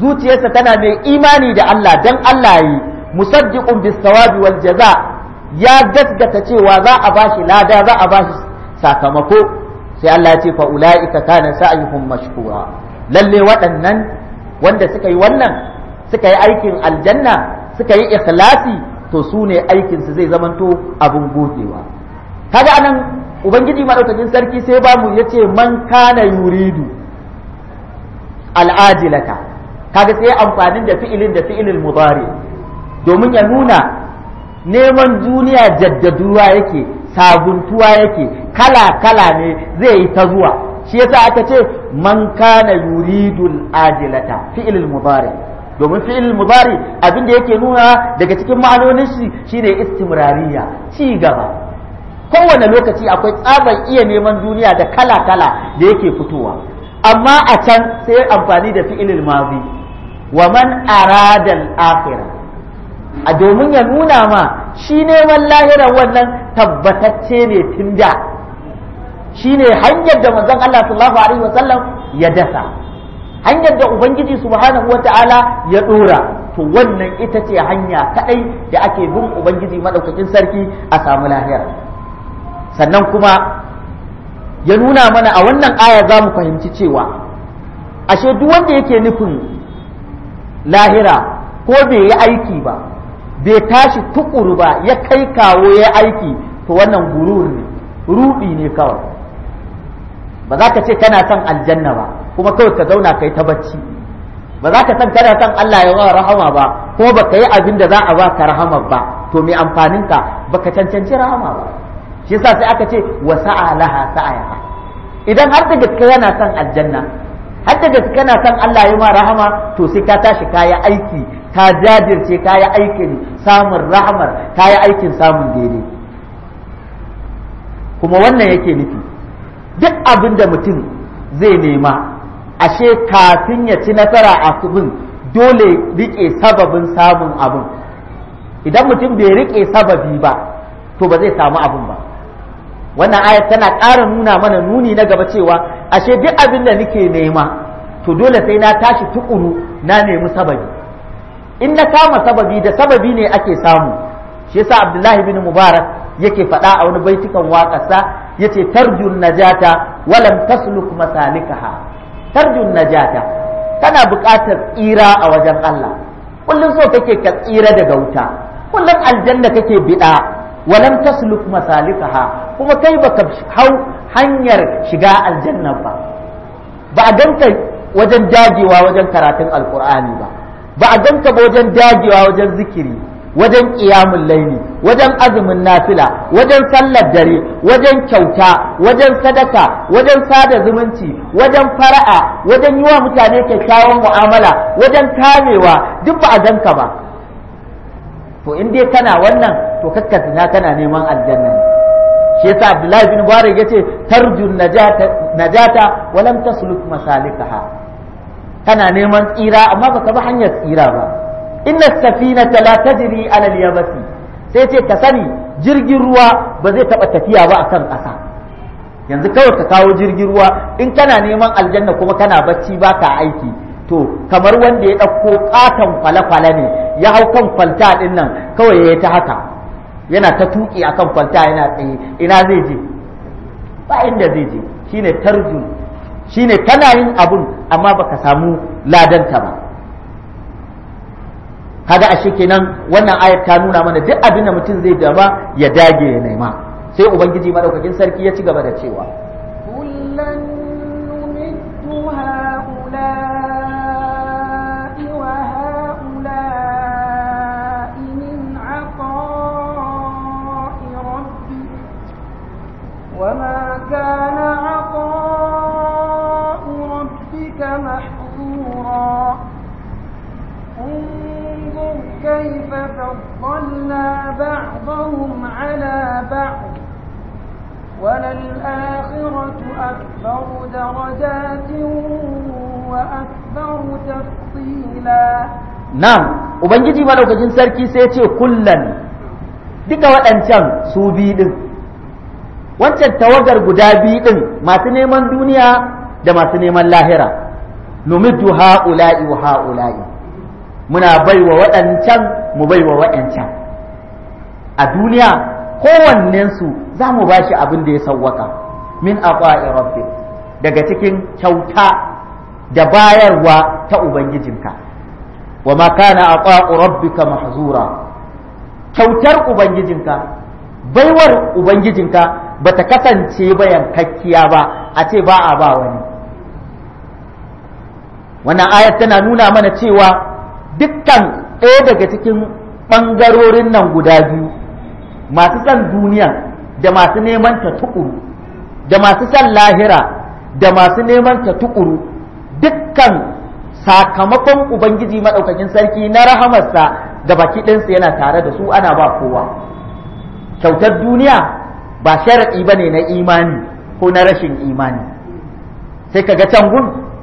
zuciyarsa tana mai imani da Allah dan Allah yi musaddiqun bis sawabi wal jaza ya gaskata cewa za a bashi lada za a bashi sakamako sai Allah ya ce fa ulaika kana sa'yuhum mashkura lalle waɗannan wanda suka yi wannan suka yi aikin aljanna suka yi ikhlasi to su ne aikin su zai zamanto abun gogewa kaga anan ubangiji madaukakin sarki sai ba mu yace man kana yuridu al'ajilata kaga sai amfanin da fi'ilin da fi'ilil mudari domin ya nuna neman duniya jaddaduwa yake taguntuwa yake kala kala ne zai yi ta zuwa shi yasa aka ce man kana yuridul ajilata fi'il mudari domin fi'il mudari abin da yake nuna daga cikin ma'anonin shi shine istimrariya ci gaba kowane lokaci akwai tsaban iya neman duniya da kala kala da yake fitowa amma a can sai amfani da fi'ilil mazi wa man arada al-akhirah a domin ya nuna ma shi neman lahiran wannan tabbatacce ne tun da shi ne hanyar da manzon Allah sallallahu alaihi wasallam ya dasa hanyar da ubangiji subhanahu ta'ala ya ɗora to wannan ita ce hanya kaɗai da ake bin ubangiji madaukakin sarki a samu lahiyar sannan kuma ya nuna mana a wannan aya za mu fahimci cewa ashe duk wanda yake nufin lahira ko bai yi aiki ba bai tashi tukuru ba ya kai kawo ya aiki to wannan gurur ne ruɗi ne kawai ba za ka ce kana son aljanna ba kuma kawai ka zauna kai ta bacci ba za ka san kana son Allah ya wa rahama ba ko ba ka yi abin da za a baka rahama ba to me amfanin ka ba ka cancanci rahama ba shi yasa sai aka ce wa sa'a laha sa'aha idan har da gaske yana son aljanna har da gaske kana son Allah ya ma rahama to sai ka tashi yi aiki ta jajirce ta yi aikin samun rahmar ta yi aikin samun daidai kuma wannan yake nufi duk abin da mutum zai nema ashe kafin ya ci nasara a kubin dole rike sababin samun abin idan mutum bai rike sababi ba to ba zai samu abin ba wannan ayat tana ƙara nuna mana nuni na gaba cewa ashe duk abin da nake nema to dole sai na tashi tukuru na nemi sababi in na kama sababi da sababi ne ake samu shi yasa abdullahi bin mubarak yake faɗa a wani baitukan waƙasa yace tarjun najata walam tasluk masalikaha tarjun najata kana buƙatar tsira a wajen Allah kullum so kake ka tsira daga wuta kullum aljanna kake biɗa walam tasluk masalikaha kuma kai baka hau hanyar shiga aljanna ba ba a ganka wajen dagewa wajen karatun alkur'ani ba ba a ganka ba wajen dagewa wajen zikiri wajen ƙiyamun laini wajen azumin nafila wajen sallar dare wajen kyauta wajen sadaka wajen sada zumunci wajen fara'a wajen yi wa mutane kyakkyawan mu'amala wajen kamewa duk ba a ganka ba to in dai kana wannan to kakkasina kana neman aljanna shi yasa abdullahi bin mubarak yace tarjun najata najata walam tasluk masalikaha kana neman tsira amma baka bi hanyar tsira ba inna safinata la tajri ala al-yabasi sai ce ka sani jirgin ruwa ba zai taba tafiya ba akan ƙasa yanzu kawai ka kawo jirgin ruwa in kana neman aljanna kuma kana bacci ba ka aiki to kamar wanda ya ɗauko ƙaton kwale-kwale ne ya hau kan kwalta ɗin nan kawai ya ta haka yana ta tuƙi akan kwalta yana tsaye ina zai je ba inda zai je shine tarjuma shine tana yin abun amma baka samu ladanta ba kaga ashe kenan wannan ayat ta nuna mana duk abin da mutum zai dama ya dage ya nema sai ubangiji madaukakin sarki ya ci gaba da cewa وللآخرة أكبر درجات وأكبر تفصيلا نعم ubangiji madaukakin sarki sai ce kullan duka waɗancan su biɗin, wancan tawagar guda biyu ɗin masu neman duniya da masu neman lahira numiddu ha'ula'i wa ha'ula'i muna baiwa waɗancan mu baiwa waɗancan a duniya kowannensu za mu ba shi abin da ya sawwaka min aqa'i rabbi daga cikin kyauta da bayarwa ta ubangijinka wa ma kana rabbika mahzura kyautar ubangijinka baiwar ubangijinka ba ta kasance bayan kakkiya ba a ce ba a ba wani wannan ayat tana nuna mana cewa dukkan ɗaya daga cikin ɓangarorin nan guda biyu masu son duniya da masu neman ta tukuru da masu son lahira da masu neman ta tukuru dukkan sakamakon ubangiji maɗaukakin sarki na rahamarsa da baki ɗinsu yana tare da su ana ba kowa kyautar duniya ba sharaɗi ba ne na imani ko na rashin imani sai ka ga can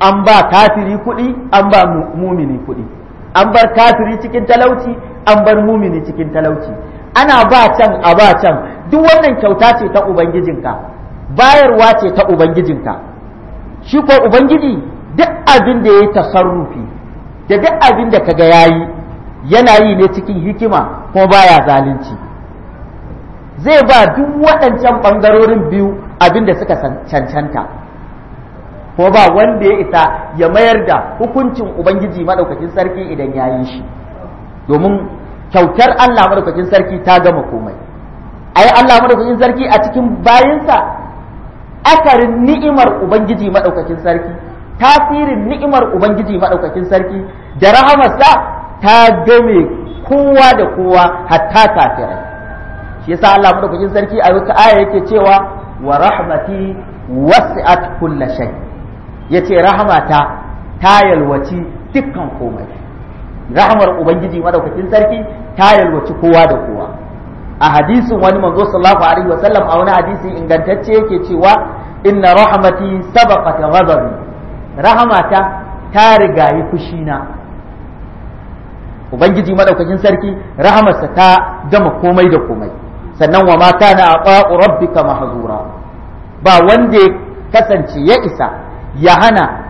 an ba kafiri kuɗi an ba mumini kuɗi an bar kafiri cikin talauci an bar mumini cikin talauci ana ba can a ba can duk wannan kyauta ce ta ubangijinka bayarwa ce ta ubangijinka shi ko ubangiji duk abin da ya tasarrufi da duk abin da kaga yayi yana yi ne cikin hikima kuma baya zalunci zai ba duk waɗancan ɓangarorin biyu abin da suka cancanta ko ba wanda ya isa ya mayar da hukuncin ubangiji maɗaukakin sarki idan ya yi shi domin kyautar Allah madaukakin sarki ta gama komai ai Allah madaukakin sarki a cikin bayinsa akarin ni'imar ubangiji madaukakin sarki tasirin ni'imar ubangiji madaukakin sarki da rahamarsa ta game kowa da kowa hatta kafirai shi yasa Allah madaukakin sarki a wata aya yake cewa wa rahmati wasi'at kulli shay yace rahamata ta yalwaci dukkan komai rahmar ubangiji madaukakin sarki ta yalwaci kowa da kowa a hadisin wani manzo sallallahu alaihi wa sallam a wani hadisi ingantacce yake cewa inna rahmati sabaqat ghadabi rahmata ta rigayi na. ubangiji madaukakin sarki rahamarsa ta gama komai da komai sannan wa mata na aqa'u rabbika mahzura ba wanda ya kasance ya isa ya hana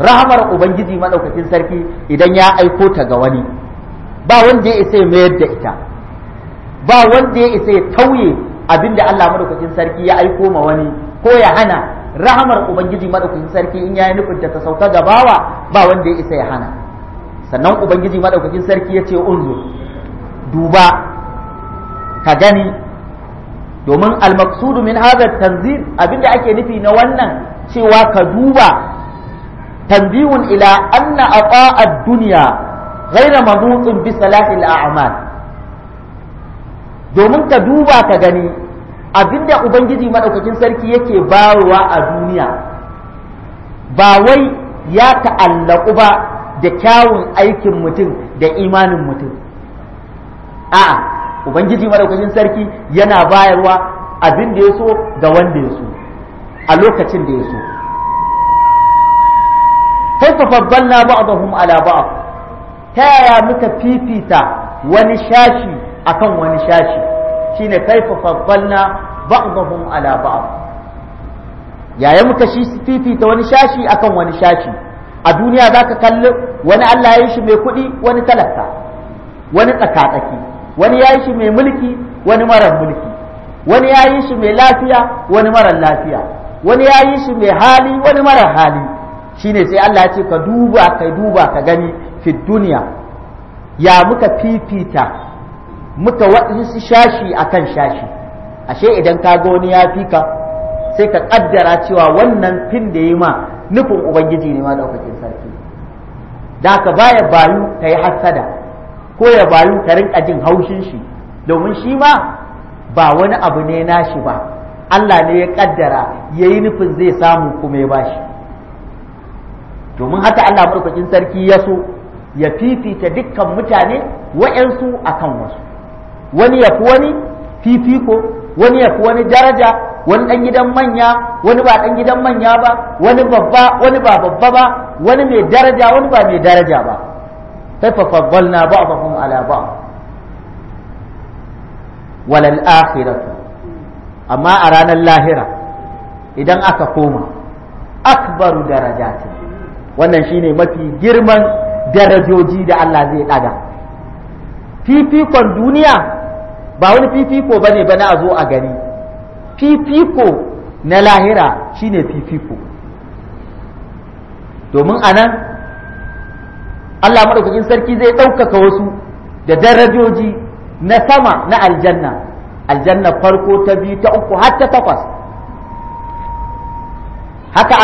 rahamar ubangiji madaukakin sarki idan ya aiko ta ga wani ba wanda ya isa ya mayar da ita ba wanda ya isa ya tauye abin da Allah madaukakin sarki ya aiko ma wani ko ya hana rahamar ubangiji madaukakin sarki in ya yi nufin ta sauka ga bawa ba wanda ya isa ya hana sannan ubangiji madaukakin sarki ya ce unzur duba ka gani domin almaksudu min hadha tanzil abinda ake nufi na wannan cewa ka duba tambiyun ila anna duniya dunya ghayra bisa bi salahil a'mal domin ka duba ka gani abinda ubangiji madaukakin sarki yake bayarwa a duniya ba wai ya ta'allaku ba da kyawun aikin mutum da imanin mutum a'a ubangiji madaukakin sarki yana bayarwa abin da ya so ga wanda ya so a lokacin da ya so kai fa faddalna ba'dahum ala ba'd ta yaya muka fifita wani shashi akan wani shashi shine kai fa faddalna ba'dahum ala ba'd yaya muka shi fifita wani shashi akan wani shashi a duniya za ka kalli wani Allah ya yi shi mai kuɗi wani talaka wani tsakatsaki wani ya yi shi mai mulki wani marar mulki wani ya yi shi mai lafiya wani marar lafiya wani ya yi shi mai hali wani marar hali shi ne sai Allah ya ce ka duba ka duba ka gani fi duniya ya muka fifita muka waɗansu shashi akan shashi ashe idan ka ga wani ya fi ka sai ka kaddara cewa wannan fin da yi ma nufin ubangiji ne ma daukakin sarki da ka baya bayu ka yi hasada ko ya bayu ka rinka jin haushin shi domin shi ma ba wani abu ne nashi ba Allah ne ya kaddara yayi nufin zai samu kuma ya bashi domin haka Allah madaukakin sarki ya so ya fifita dukkan mutane wa'yansu akan wasu wani ya fi wani fifiko wani ya fi wani daraja wani ɗan gidan manya wani ba ɗan gidan manya ba wani babba wani ba babba ba wani mai daraja wani ba mai daraja ba sai fa faddalna ba'dhum ala ba'd walal akhiratu amma a ranar lahira idan aka koma akbaru darajati wannan shine mafi girman darajoji da Allah zai daga fifikon duniya ba wani fifiko bane ba na zo a gani fifiko na lahira shine fifiko domin anan Allah madaukakin sarki zai ɗaukaka wasu da darajoji na sama na aljanna aljanna farko ta biyu ta uku har ta takwas haka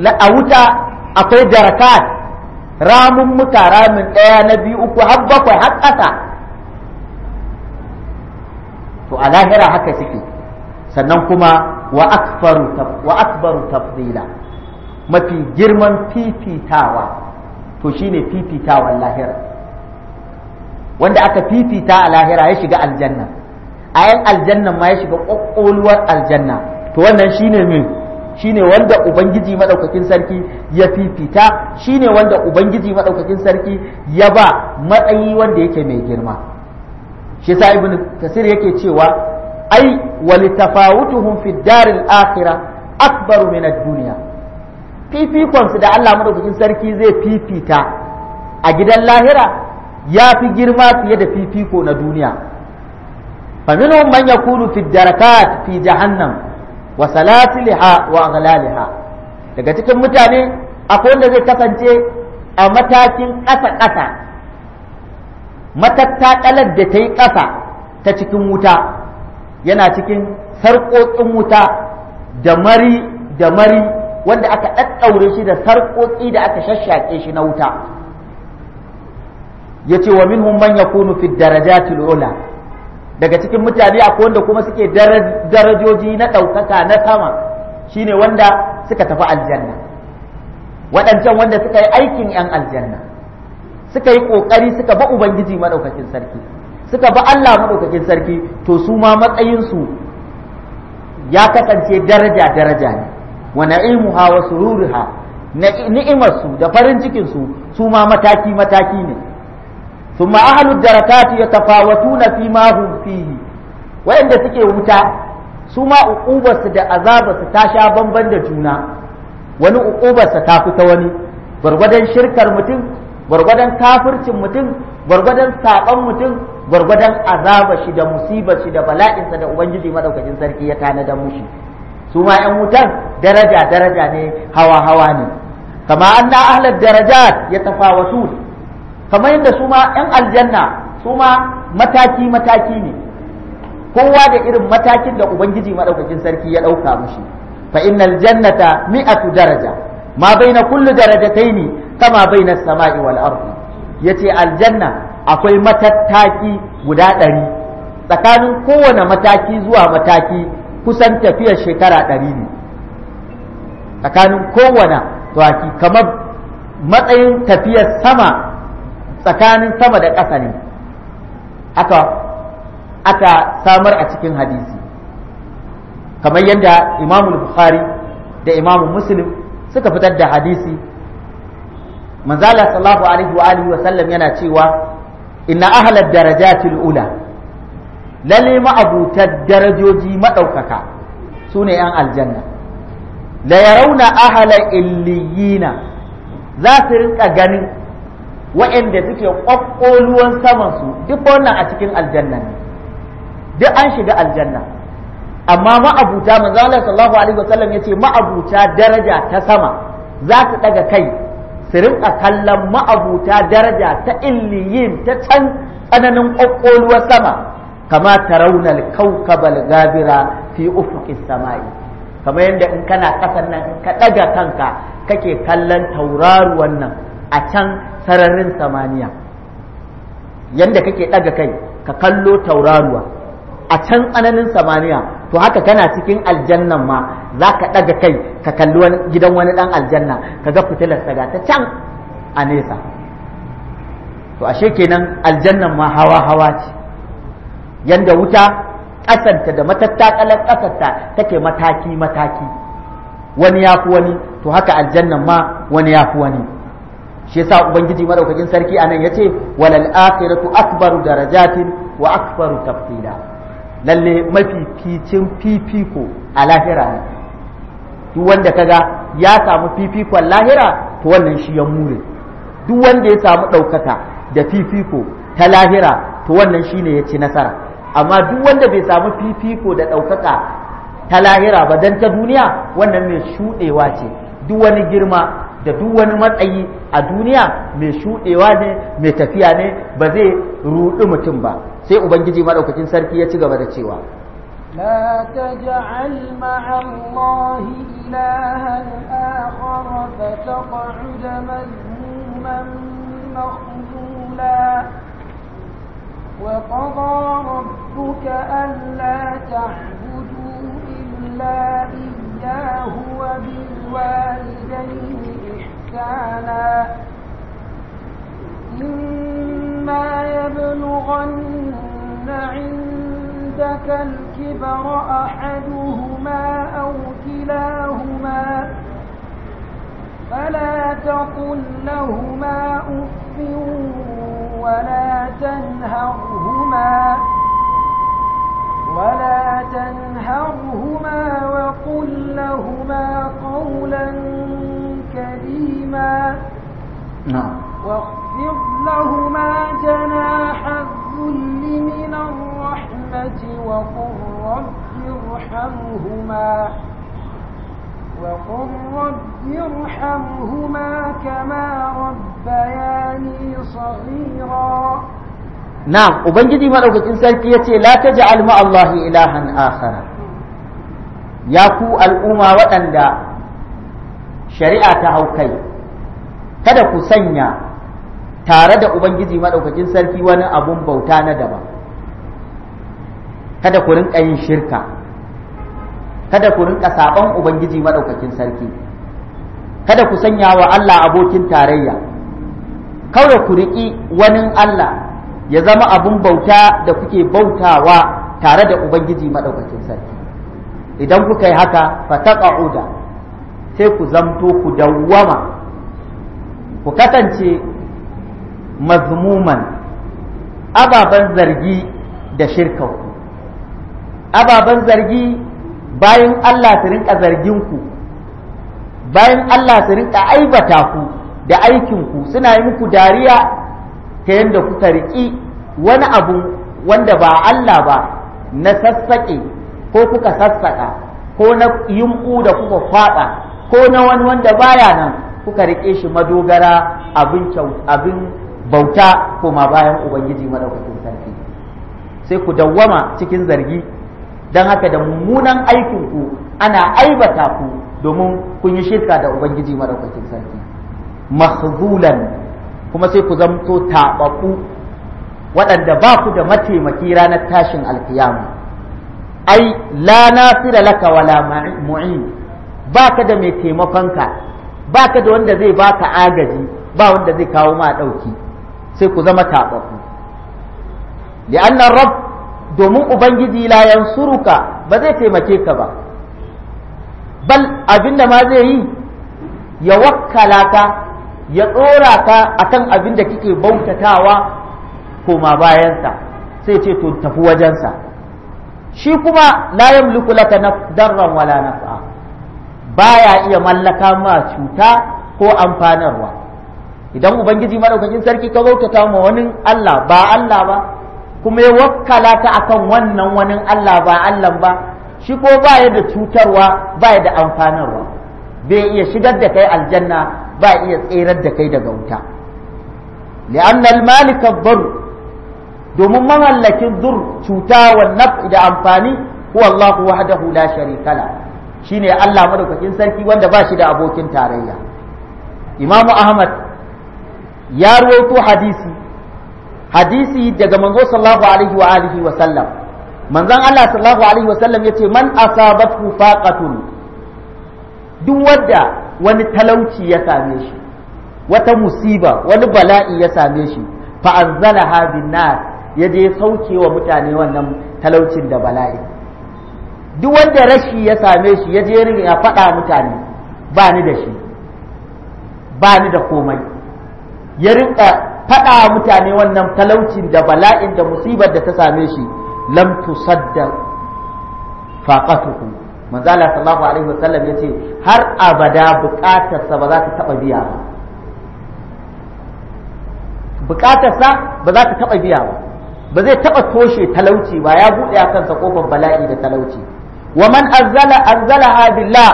a wuta akwai darakat ramin muta ramin ɗaya na biyu uku har bakwai har ƙasa to a lahira haka suke sannan kuma wa akbaru tafdila mafi girman fifitawa to shine fifitawan lahira wanda aka fifita a lahira ya shiga aljanna a yan aljanna ma ya shiga ƙwaƙwalwar aljanna to wannan shine mai shine wanda ubangiji madaukakin sarki ya fifita shine wanda ubangiji madaukakin sarki ya ba matsayi wanda yake mai girma shi sa ibn kasir yake cewa ai tafawutuhum fi daril akhirah akbaru min ad-dunya fifikon su da Allah madaukakin sarki zai fifita a gidan lahira ya fi girma fiye da fifiko na duniya Fa minhum man yakulu fi darakat fi jahannam wa salatiliha wa aghlaliha daga cikin mutane akwai wanda zai kasance a matakin ƙasa-ƙasa matattakalar da ta yi ƙasa ta cikin wuta yana cikin sarƙoƙin wuta da mari da mari wanda aka ɗaɗɗaure shi da sarƙoƙi da aka shashshaƙe shi na wuta ya ce wa minhum man yakunu fi darajatil ula daga cikin mutane akwai wanda kuma suke darajoji na ɗaukaka na sama shine wanda suka tafi aljanna waɗancan wanda suka yi aikin 'yan aljanna suka yi ƙoƙari suka ba ubangiji maɗaukakin sarki suka ba Allah maɗaukakin sarki to su ma matsayinsu ya kasance daraja daraja ne wa na'imuha wa sururuha ni'imarsu da farin cikinsu su ma mataki mataki ne ثم أهل الدركات يتفاوتون waɗanda suke فيه وإن سكي وتا سما أقوبة ta sha bamban da juna wani uƙubarsa ta fi ta wani gwargwadon shirkar mutum gwargwadon kafircin mutum gwargwadon saɓon mutum gwargwadon azaba shi da musibar shi da bala'insa da ubangiji madaukakin sarki ya tanadar mushi suma yan wutan daraja daraja ne hawa hawa ne kama anna ahlad darajat yatafawatun kamar yadda su ma yan aljanna su ma mataki mataki ne kowa da irin matakin da ubangiji madaukakin sarki ya ɗauka mushi fa innal mi'atu daraja ma baina kullu ne kama baina na samai wal ardi yace aljanna akwai matattaki guda ɗari tsakanin kowane mataki zuwa mataki kusan tafiyar shekara ɗari ne tsakanin kowane kamar matsayin tafiyar sama tsakanin sama da ƙasa ne aka aka samar a cikin hadisi kamar yadda imamul bukhari da imamu muslim suka fitar da hadisi manzala sallallahu alaihi wa alihi wa sallam yana cewa inna ahlad darajatil ula lalle ma'abutar darajoji madaukaka sune yan aljanna la yarawna ahla illiyina za su rinka ganin wa'anda suke kwakkoluwan saman su duk wannan a cikin aljanna ne duk an shiga aljanna amma ma'abuta manzo Allah sallallahu alaihi wasallam yace ma'abuta daraja ta sama za su daga kai su rinka kallon ma'abuta daraja ta illiyin ta can tsananin kwakkoluwar sama kama tarawnal kaukabal gabira fi ufuqis samai kamar yadda in kana kasan nan ka daga kanka kake kallon tauraruwan nan a can sararin samaniya yadda kake ɗaga kai ka kallo tauraruwa a can tsananin samaniya to haka kana cikin aljannan ma za ka ɗaga kai ka kalli gidan wani ɗan aljanna ka ga fitilar ga ta can a nesa to ashe kenan aljannan ma hawa hawa ce yadda wuta ƙasanta da matattakalar ƙasarta take mataki mataki wani ya fi wani to haka aljannan ma wani ya fi wani shi yasa ubangiji madaukakin sarki anan yace walal akhiratu akbaru darajatin wa akbaru tafsila lalle mafi kicin fifiko a lahira ne duk wanda kaga ya samu fifikon lahira to wannan shi ya mure duk wanda ya samu ɗaukaka da fifiko ta lahira to wannan shi ne ya ci nasara amma duk wanda bai samu fifiko da ɗaukaka ta lahira ba don ta duniya wannan mai shuɗewa ce duk wani girma da duk wani matsayi a duniya mai shuɗewa ne mai tafiya ne ba zai ruɗi mutum ba sai ubangiji maɗaukakin sarki ya ci gaba da cewa La taj'al ma'a Allah ilahan akhar fa taq'ud mazmuman makhdula wa qadha rabbuka an la ta'budu illa الله وبالوالدين إحسانا إما يبلغن عندك الكبر أحدهما أو كلاهما فلا تقل لهما أف ولا تنهرهما ولا تنهرهما وقل لهما قولا كريما نعم واخفض لهما جناح الذل من الرحمة وقل رب ارحمهما وقل رب ارحمهما كما ربياني صغيرا na'am ubangiji madaukakin sarki yace la taj'al ma Allahi ilahan akhara ya ku al'umma waɗanda shari'a ta haukai kada ku sanya tare da ubangiji madaukakin sarki wani abun bauta na daban kada ku rinka yin shirka kada ku rinka saban ubangiji madaukakin sarki kada ku sanya wa Allah abokin tarayya kawai ku riƙi wani Allah ya zama abun bauta da kuke bautawa tare da ubangiji maɗaukacin sarki idan kuka yi haka fataqa'uda sai ku zamto ku dawwama ku kasance mazmuman ababen zargi da shirkau ababen zargi bayan Allah su rinka zarginku bayan Allah su rinka aibata ku da aikinku suna yi muku dariya ta yadda kuka riƙi wani abu wanda ba Allah ba na sassaƙe ko kuka sassaƙa ko na yumɓu da kuka kwaɓa ko na wani wanda baya nan kuka riƙe shi madogara abin bauta ko ma bayan ubangiji madaukakin sarki sai ku dawwama cikin zargi don haka da mummunan aikinku ana aibata ku domin kun yi shirka da ubangiji madaukakin sarki mahzulan kuma sai ku zamto taɓaɓɓu waɗanda ba ku da mataimaki ranar tashin alkiyama ai la nasira laka wala mu'in ba ka da mai taimakonka ka da wanda zai baka agaji ba wanda zai kawo ma ɗauki sai ku zama taɓaɓɓu li'anna rabb domin ubangiji la suruka ba zai taimake ka ba bal abin da ma zai yi ya wakkala ka ya tsora ka kan abin da kike bautatawa koma bayansa sai ce to tafi wajensa shi kuma la yamliku laka darran wala naf'a baya iya mallaka ma cuta ko amfanarwa idan ubangiji madaukakin sarki ka bautata ma wani Allah ba Allah ba kuma ya wakkala ta akan wannan wani Allah ba Allah ba shi ko baya da cutarwa baya da amfanarwa bai iya shigar da kai aljanna ba iya tserar da kai daga wuta li'annal malika dur domin mamallakin dur cuta wa naf da amfani huwa Allah wahdahu la sharika la shine Allah madaukakin sarki wanda ba shi da abokin tarayya Imam Ahmad ya rawaito hadisi hadisi daga manzo sallallahu alaihi wa alihi wa sallam manzon Allah sallallahu alaihi wa sallam yace man asabathu faqatun duk wanda wani talauci ya same shi wata musiba wani bala'i ya same shi fa anzalaha bin ya je sauke wa mutane wannan talaucin da bala'i duk wanda rashi ya same shi ya je ya faɗa mutane ba ni da shi ba ni da komai ya rinka faɗa mutane wannan talaucin da bala'in da musibar da ta same shi lam tusadda faqatuhu manzala sallallahu alaihi wasallam sallam yace har abada bukatarsa ba za ta taba biya ba bukatarsa ba za ta taba biya ba ba zai taba toshe talauci ba ya buɗe a kansa kofar bala'i da talauci wa man azzala azzalaha billah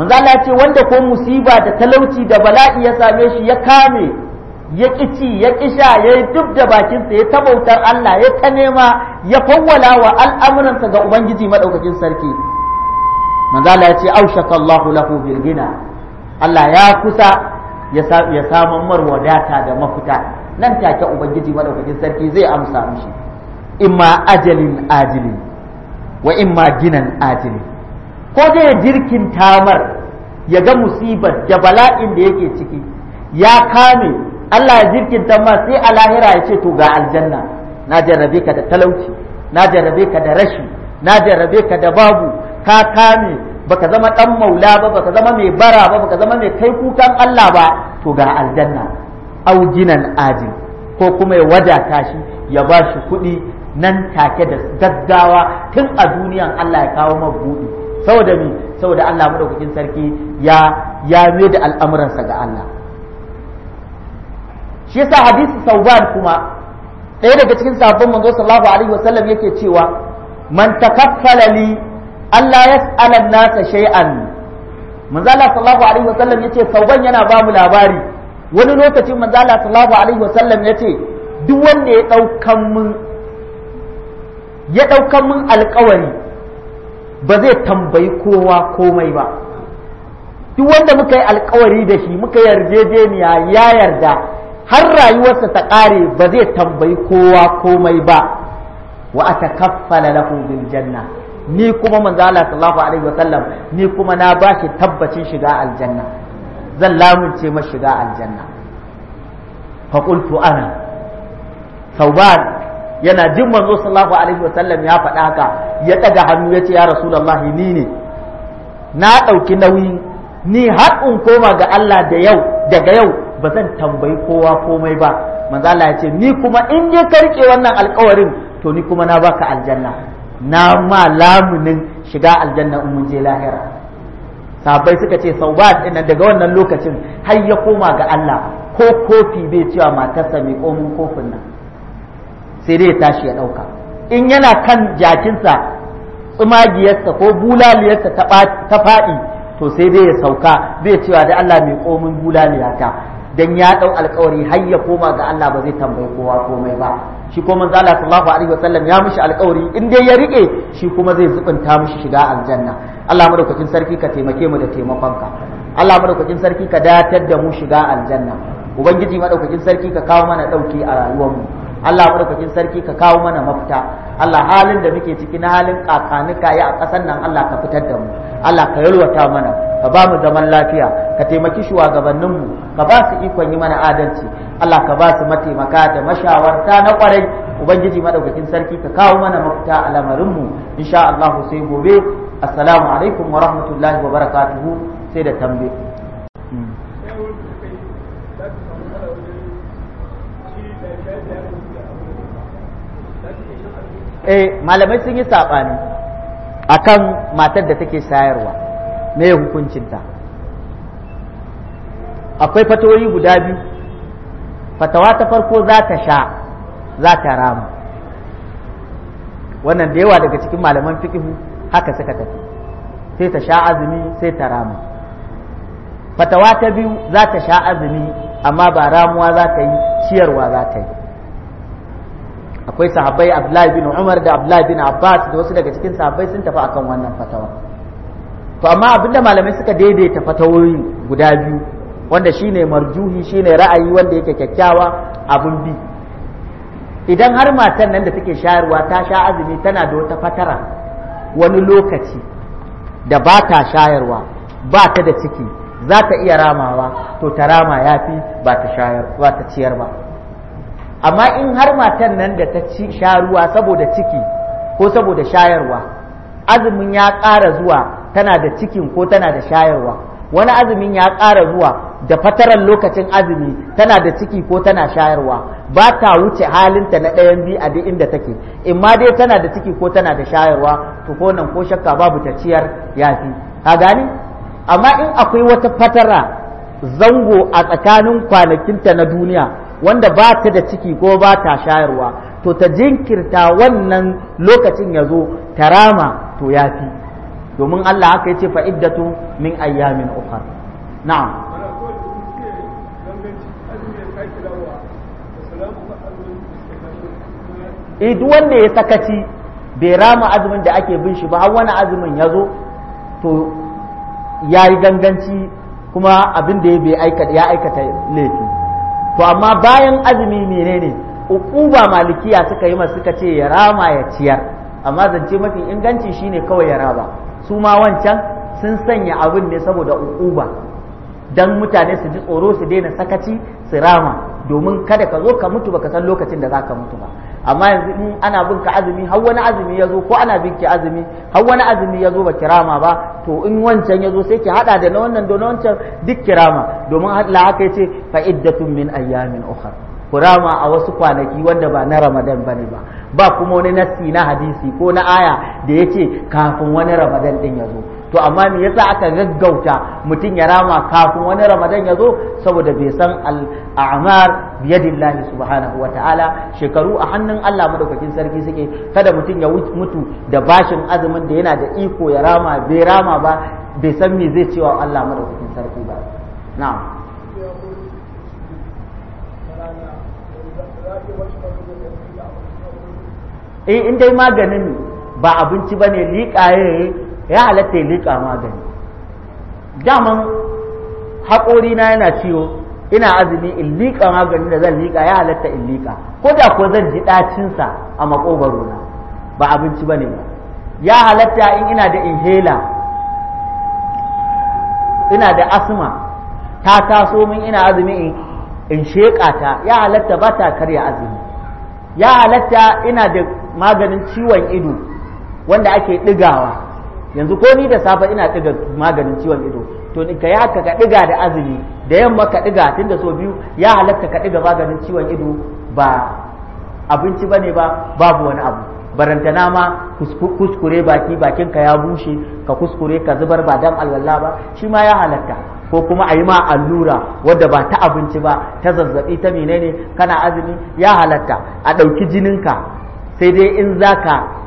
manzala yace wanda ko musiba da talauci da bala'i ya same shi ya kame ya ƙici ya ƙisha ya yi duk da bakinsa ya ta bautar Allah ya ta nema ya fawwala wa al'amuransa ga Ubangiji maɗaukakin sarki manzala ya ce aushaka Allahu lahu gina Allah ya kusa ya samun marwadata da mafita nan take Ubangiji maɗaukakin sarki zai amsa mishi imma ajalin ajilin wa imma ginan ajilin ko dai jirkin tamar ya ga musibar da bala'in da yake ciki ya kame Allah ya jirkinta ma sai a lahira ya ce to ga aljanna na jarrabe ka da talauci na jarrabe ka da rashi na jarrabe ka da babu ka kame baka zama dan maula ba baka zama mai bara ba baka zama mai kai kukan Allah ba to ga aljanna nan ajin ko kuma ya wadata shi ya ba shi kuɗi nan take da gaggawa tun a duniyan Allah ya kawo mabuɗi saboda mi saboda Allah madaukakin sarki ya ya mai da al'amuransa ga Allah shi yasa hadisi sauban kuma ɗaya daga cikin sabon manzo sallallahu alaihi wasallam yake cewa man takaffala li Allah yas'ala an-nasa shay'an manzo Allah sallallahu alaihi wasallam yace sauban yana ba mu labari wani lokacin manzo Allah sallallahu alaihi wasallam yace duk wanda ya daukan mun ya daukan mun alƙawari ba zai tambayi kowa komai ba duk wanda muka yi alƙawari da shi muka yarjejeniya ya yarda har rayuwarsa ta ƙare ba zai tambayi kowa komai ba wa kaffala lahu bil janna ni kuma manzo Allah sallallahu alaihi wasallam ni kuma na bashi tabbacin shiga aljanna zan lamunce ma shiga aljanna fa qultu ana sauban yana jin manzo sallallahu alaihi wasallam ya faɗa haka ya ɗaga hannu ya ce ya rasulullahi ni ne na ɗauki nauyi ni har in koma ga Allah da yau daga yau ba zan tambayi kowa komai ba manzo Allah ya ce ni kuma in je karke wannan alƙawarin to ni kuma na baka aljanna na ma lamunin shiga aljanna in mun je lahira sabai suka ce saubat ɗin daga wannan lokacin har ya koma ga Allah ko kofi bai cewa matarsa mai komin kofin nan sai dai ya tashi ya ɗauka in yana kan jakinsa tsumagiyarsa ko bulaliyarsa ta faɗi to sai dai ya sauka bai cewa da Allah mai komin bulaliyata dan ya dau alkawari har ya koma ga Allah ba zai tambayi kowa komai ba shi ko manzo Allah sallallahu alaihi wasallam ya mishi alkawari in dai ya rike shi kuma zai zubunta mishi shiga aljanna Allah madaukakin sarki ka taimake mu da taimakonka Allah madaukakin sarki ka datar da mu shiga aljanna ubangiji madaukakin sarki ka kawo mana dauki a rayuwar mu Allah madaukakin sarki ka kawo mana mafita Allah halin da muke ciki na halin kakanuka ya a ƙasar nan Allah ka fitar da mu Allah ka yalwata mana ka ba mu zaman lafiya ka taimaki shugabanninmu ka ba su ikon yi mana adalci Allah ka ba su mataimaka da mashawarta na kwarai ubangiji madaukakin sarki ka kawo mana mafita a lamarinmu insha Allah sai gobe assalamu alaikum wa rahmatullahi wa barakatuhu sai da tambe eh malamai sun yi saɓani akan matar da take sayarwa me hukuncinta akwai fatoyi guda biyu fatawa ta farko za ta sha za ta rama wannan da yawa daga cikin malaman fikihu haka suka tafi sai ta sha azumi sai ta rama fatawa ta biyu za ta sha azumi amma ba ramuwa za ta yi ciyarwa za ta yi akwai sahabbai Abdullahi bin Umar da Abdullahi bin Abbas da wasu daga cikin sahabbai sun tafi akan wannan fatawa to amma abinda malamai suka daidaita fatawoyi guda biyu wanda shine marjuhi shine ra'ayi wanda yake kyakkyawa abun bi idan har matan nan da take shayarwa ta sha azumi tana da wata fatara wani lokaci da ba ta shayarwa ba ta da ciki za ta iya ramawa to ta rama ya fi ba ta ciyar ba amma in har matan nan da ta ci sha ruwa saboda ciki ko saboda shayarwa azumin ya ƙara zuwa tana da cikin ko tana da shayarwa wani azumin ya ƙara zuwa da fataran lokacin azumi tana da ciki ko tana shayarwa ba ta wuce halinta na ɗayan biyu a duk inda take in ma dai tana da ciki ko tana da shayarwa to ko nan ko shakka babu ta ciyar yafi ka gani amma in akwai wata fatara zango a tsakanin kwanakinta na duniya wanda ba ta da ciki ko ba ta shayarwa to ta jinkirta wannan lokacin ya zo ta rama to ya fi domin Allah haka yace fa iddatu min ayyamin ukhra na'am eh duk wanda ya sakaci bai rama azumin da ake bin shi ba har wani azumin ya zo to ya yi ganganci kuma abin da ya aikata laifi to amma bayan azumi menene ukuba malikiya suka yi masu suka ce ya rama ya ciyar amma zance mafi inganci shine kawai ya raba su ma wancan sun sanya abin ne saboda ukuba, dan mutane su ji tsoro su daina sakaci su rama domin kada ka zo ka mutu baka san lokacin da za ka mutu ba amma yanzu in ana bin azumi har wani azumi ya zo ko ana bin azumi har wani azumi ya zo ba kirama ba to in wancan ya zo sai ki hada da na wannan da na wancan duk kirama domin Allah haka yace fa iddatun min ayyamin ukhra kurama a wasu kwanaki wanda ba na ramadan bane ba ba kuma wani nasi na hadisi ko na aya da yace kafin wani ramadan din ya zo to amma me yasa aka gaggauta mutum ya rama kafin wani ramadan ya zo saboda bai san al'amar biyadillahi subhanahu wata'ala shekaru a hannun Allah madaukakin sarki suke kada mutum ya mutu da bashin azumin da yana da iko ya rama bai rama ba bai san me zai cewa Allah madaukakin sarki ba na'am eh, in dai maganin ba abinci bane ne liƙaye ya halatta ya liƙa magani daman haƙori na yana ciwo ina azumi in liƙa magani da zan liƙa ya halatta in liƙa ko da ko zan ji ɗacinsa a maƙogwaro na ba abinci ba ne ba ya halatta in ina da inhaler ina da asma ta taso min ina azumi in sheƙa ta ya halatta ba ta karya azumi ya halatta ina da maganin ciwon ido wanda ake ɗigawa yanzu ko ni da safe ina ɗiga maganin ciwon ido to ni ka yi haka ka ɗiga da azumi da yamma ka ɗiga da so biyu ya halatta ka ɗiga maganin ciwon ido ba abinci bane ne ba babu wani abu barantana ma kuskure baki bakin ka ya bushe ka kuskure ka zubar ba dan alwala ba shi ma ya halatta ko kuma a yi ma allura wadda ba ta abinci ba ta zazzabi ta menene kana azumi ya halatta a ɗauki jininka sai dai in zaka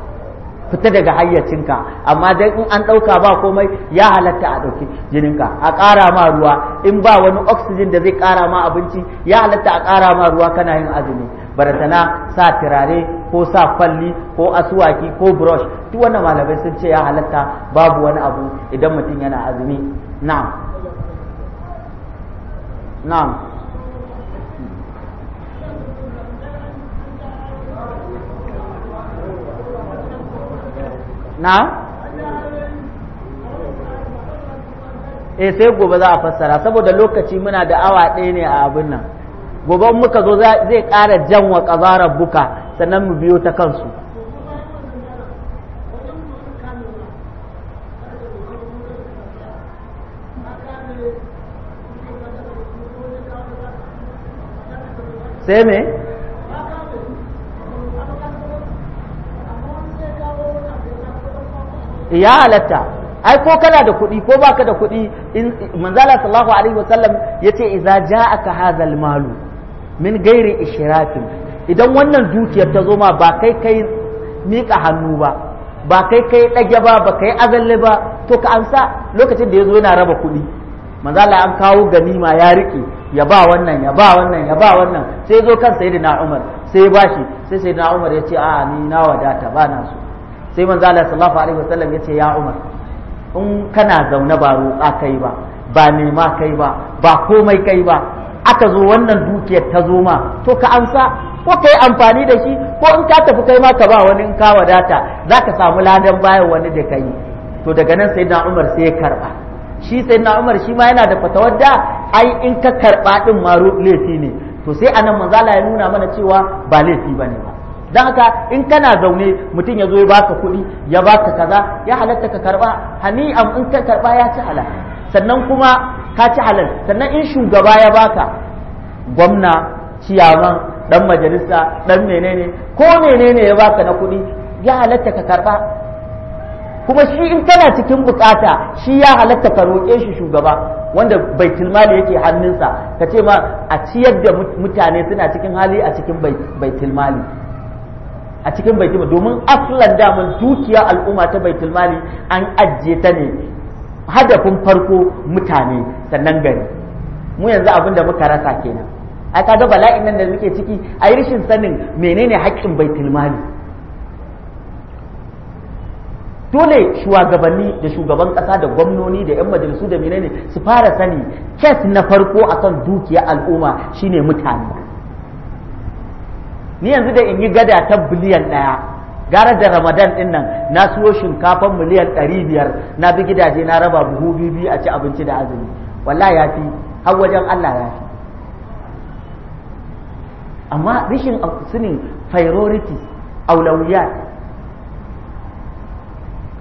fita daga hayyacinka amma dai in an ɗauka ba komai ya halatta a ɗauki jininka a ƙara ma ruwa in ba wani oxygen da zai ƙara ma abinci ya halatta a ƙara ma ruwa kana yin azumi baratana sa turare ko sa falli ko asuwaki ko brush duk wannan malamai sun ce ya halatta babu wani abu idan mutum yana azumi na'am na'am na eh sai gobe za a fassara saboda lokaci muna da awa ɗaya ne a abin nan gobe muka zo zai ƙara jan wa ƙazarar buka sannan mu biyo ta kansu sai mai. ya halatta ai ko kana da kuɗi ko baka da kuɗi manzala sallallahu alaihi wasallam yace idza ja'aka hadzal malu min gairi ishirafin idan wannan dukiyar ta zo ma ba kai kai miƙa hannu ba ba kai kai ɗage ba ba kai azalle ba to ka amsa lokacin da ya zo yana raba kuɗi manzala an kawo ganima ya riƙe ya ba wannan ya ba wannan ya ba wannan sai zo kan sayyidina umar sai ya bashi sai sayyidina umar ya a ni na wadata ba na so sai manzo Allah sallallahu alaihi wasallam ya ce ya Umar in kana zaune ba roƙa kai ba ba nema kai ba ba komai kai ba aka zo wannan dukiyar ta zo ma to ka amsa ko kai amfani da shi ko in ka tafi kai ma ka ba wani in ka wadata zaka samu ladan bayan wani da kai to daga nan sai na Umar sai ya karba shi sai na Umar shi ma yana da fatawar da ai in ka karba din ma laifi ne to sai anan manzo Allah ya nuna mana cewa ba laifi bane ba don haka in kana zaune mutum ya zo ya baka kuɗi ya baka kaza ya halatta ka karba am in ka karba ya ci halal sannan kuma ka ci halal sannan in shugaba ya baka gwamna ciyaman dan majalisa dan menene ko menene ya baka na kuɗi ya halatta ka karba kuma shi in kana cikin bukata shi ya halatta ka roƙe shi shugaba wanda baitul mali yake hannunsa ka ce ma a ciyar da mutane suna cikin hali a cikin baitul mali a cikin baitul domin aslan daman dukiya al'umma ta baitul an ajiye ta ne hadafin farko mutane sannan gari mu yanzu abin da muka rasa kenan ai ga bala'in nan da muke ciki ai rashin sanin menene haƙƙin baitul dole shugabanni da shugaban ƙasa da gwamnoni da 'yan majalisu da menene su fara sani kes na farko akan dukiya al'umma shine mutane ni yanzu da in yi gada ta biliyan ɗaya gara da ramadan ɗin nan na siyo shinkafan miliyan ɗari biyar na bi gidaje na raba buhu biyu a ci abinci da azumi wallahi ya fi har wajen allah ya fi amma rishin sunin priority aulawiya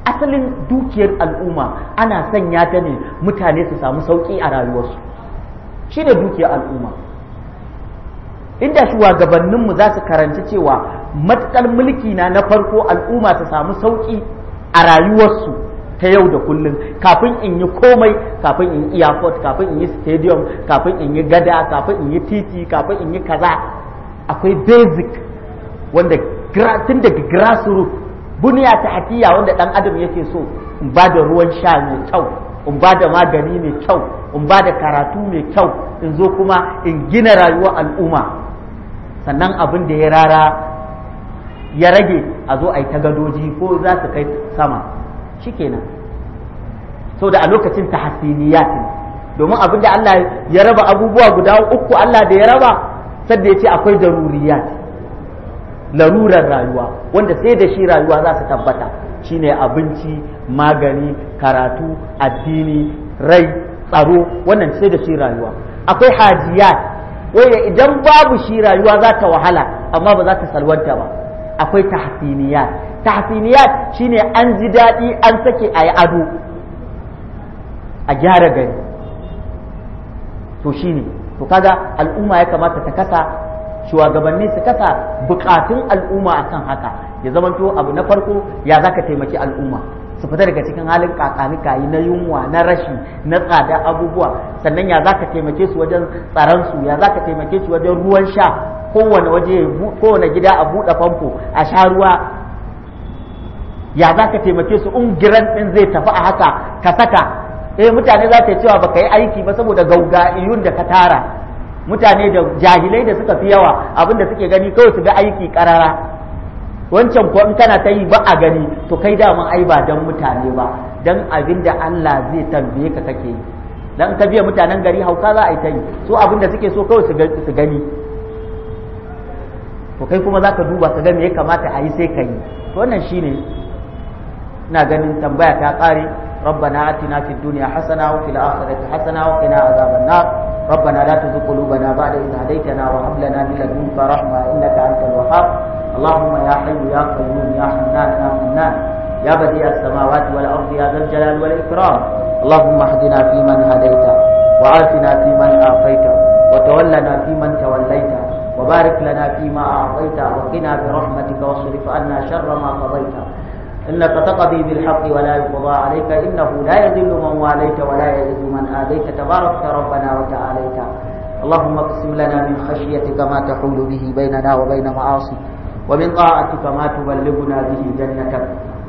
asalin dukiyar al'umma ana sanya ta ne mutane su samu sauƙi a rayuwarsu shi ne dukiyar al'umma inda shugabanninmu za su karanci cewa matukar mulki na na farko al'umma ta samu sauki a rayuwarsu ta yau da kullun kafin in yi komai kafin in yi airport kafin in yi stadium kafin in yi gada kafin in yi titi kafin in yi kaza akwai basic wanda tun daga grassroots buniya ta hakiya wanda dan adam yake so in ba da ruwan sha mai kyau in ba da magani mai kyau in ba da karatu mai kyau in zo kuma in gina rayuwar al'umma sannan abin da ya rara ya rage a zo a yi ta gadoji ko za su kai sama shikenan so da a lokacin ta hasiniyat domin abin da Allah ya raba abubuwa guda uku Allah da ya raba sadda ya ce akwai daruriyat larurar rayuwa wanda sai da shi rayuwa za su tabbata shine abinci magani karatu addini rai tsaro wannan sai da shi rayuwa akwai hajiyat waye idan babu shi rayuwa za ta wahala amma ba za ta salwanta ba akwai tahsiniyat tahsiniyat shine an ji daɗi an sake a yi ado a gyara gari to shine to kaga al'umma ya kamata ta kasa shugabanni su kasa bukatun al'umma akan haka ya zamanto abu na farko ya zaka taimaki al'umma su fita daga cikin halin kakanikayi na yunwa na rashi na tsada abubuwa sannan ya za ka taimake su wajen tsaransu ya za ka taimake su wajen ruwan sha kowane waje kowane gida a buɗe famfo a sha ruwa ya za ka taimake su ungiran ɗin zai tafi a haka ka saka eh mutane za ta cewa baka yi aiki ba saboda gauga'iyun da ka tara mutane da jahilai da suka fi yawa abinda suke gani kawai su ga aiki karara wancan ko in kana ta yi ba a gani to kai daman ai ba dan mutane ba dan abin da Allah zai tambaye ka kake yi dan ka biya mutanen gari hauka za a yi ta yi so abin da suke so kawai su gani to kai kuma zaka duba ka ga me ya kamata a yi sai ka yi to wannan shine ina ganin tambaya ta kare ربنا آتنا في الدنيا حسنة وفي الآخرة حسنة وقنا عذاب النار ربنا لا تزغ قلوبنا بعد إذ هديتنا وهب لنا من لدنك رحمة إنك أنت الوهاب اللهم يا حي يا قيوم يا حنان يا منان يا بديع السماوات والأرض يا ذا الجلال والإكرام اللهم اهدنا فيمن هديت وعافنا فيمن اعطيت وتولنا فيمن توليت وبارك لنا فيما أعطيت وقنا برحمتك واصرف عنا شر ما قضيت إنك تقضي بالحق ولا يقضى عليك إنه لا يذل من واليت ولا يذل من آذيت تباركت ربنا وتعاليت اللهم اقسم لنا من خشيتك ما تحول به بيننا وبين معاصيك ومن طاعتك ما تبلغنا به جنتك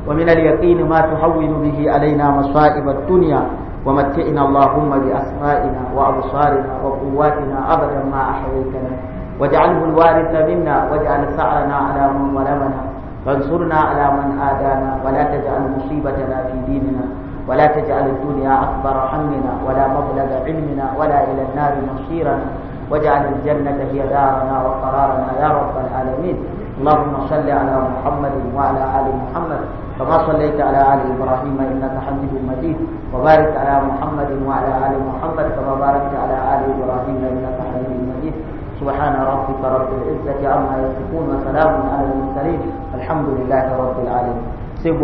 ومن اليقين ما تهون به علينا مصائب الدنيا ومتئنا اللهم بأسمائنا وأبصارنا وقواتنا أبدا ما أحييتنا واجعله الوارث منا واجعل سعرنا على من ظلمنا وانصرنا على من آذانا ولا تجعل مصيبتنا في ديننا ولا تجعل الدنيا أكبر همنا ولا مبلغ علمنا ولا إلى النار مصيرنا واجعل الجنة هي دارنا وقرارنا يا رب العالمين اللهم صل على محمد وعلى آل محمد كما صليت على آل إبراهيم إنك حميد مجيد وبارك على محمد وعلى آل محمد كما باركت على آل إبراهيم إنك حميد مجيد سبحان ربك رب العزة عما يصفون وسلام على المرسلين الحمد لله رب العالمين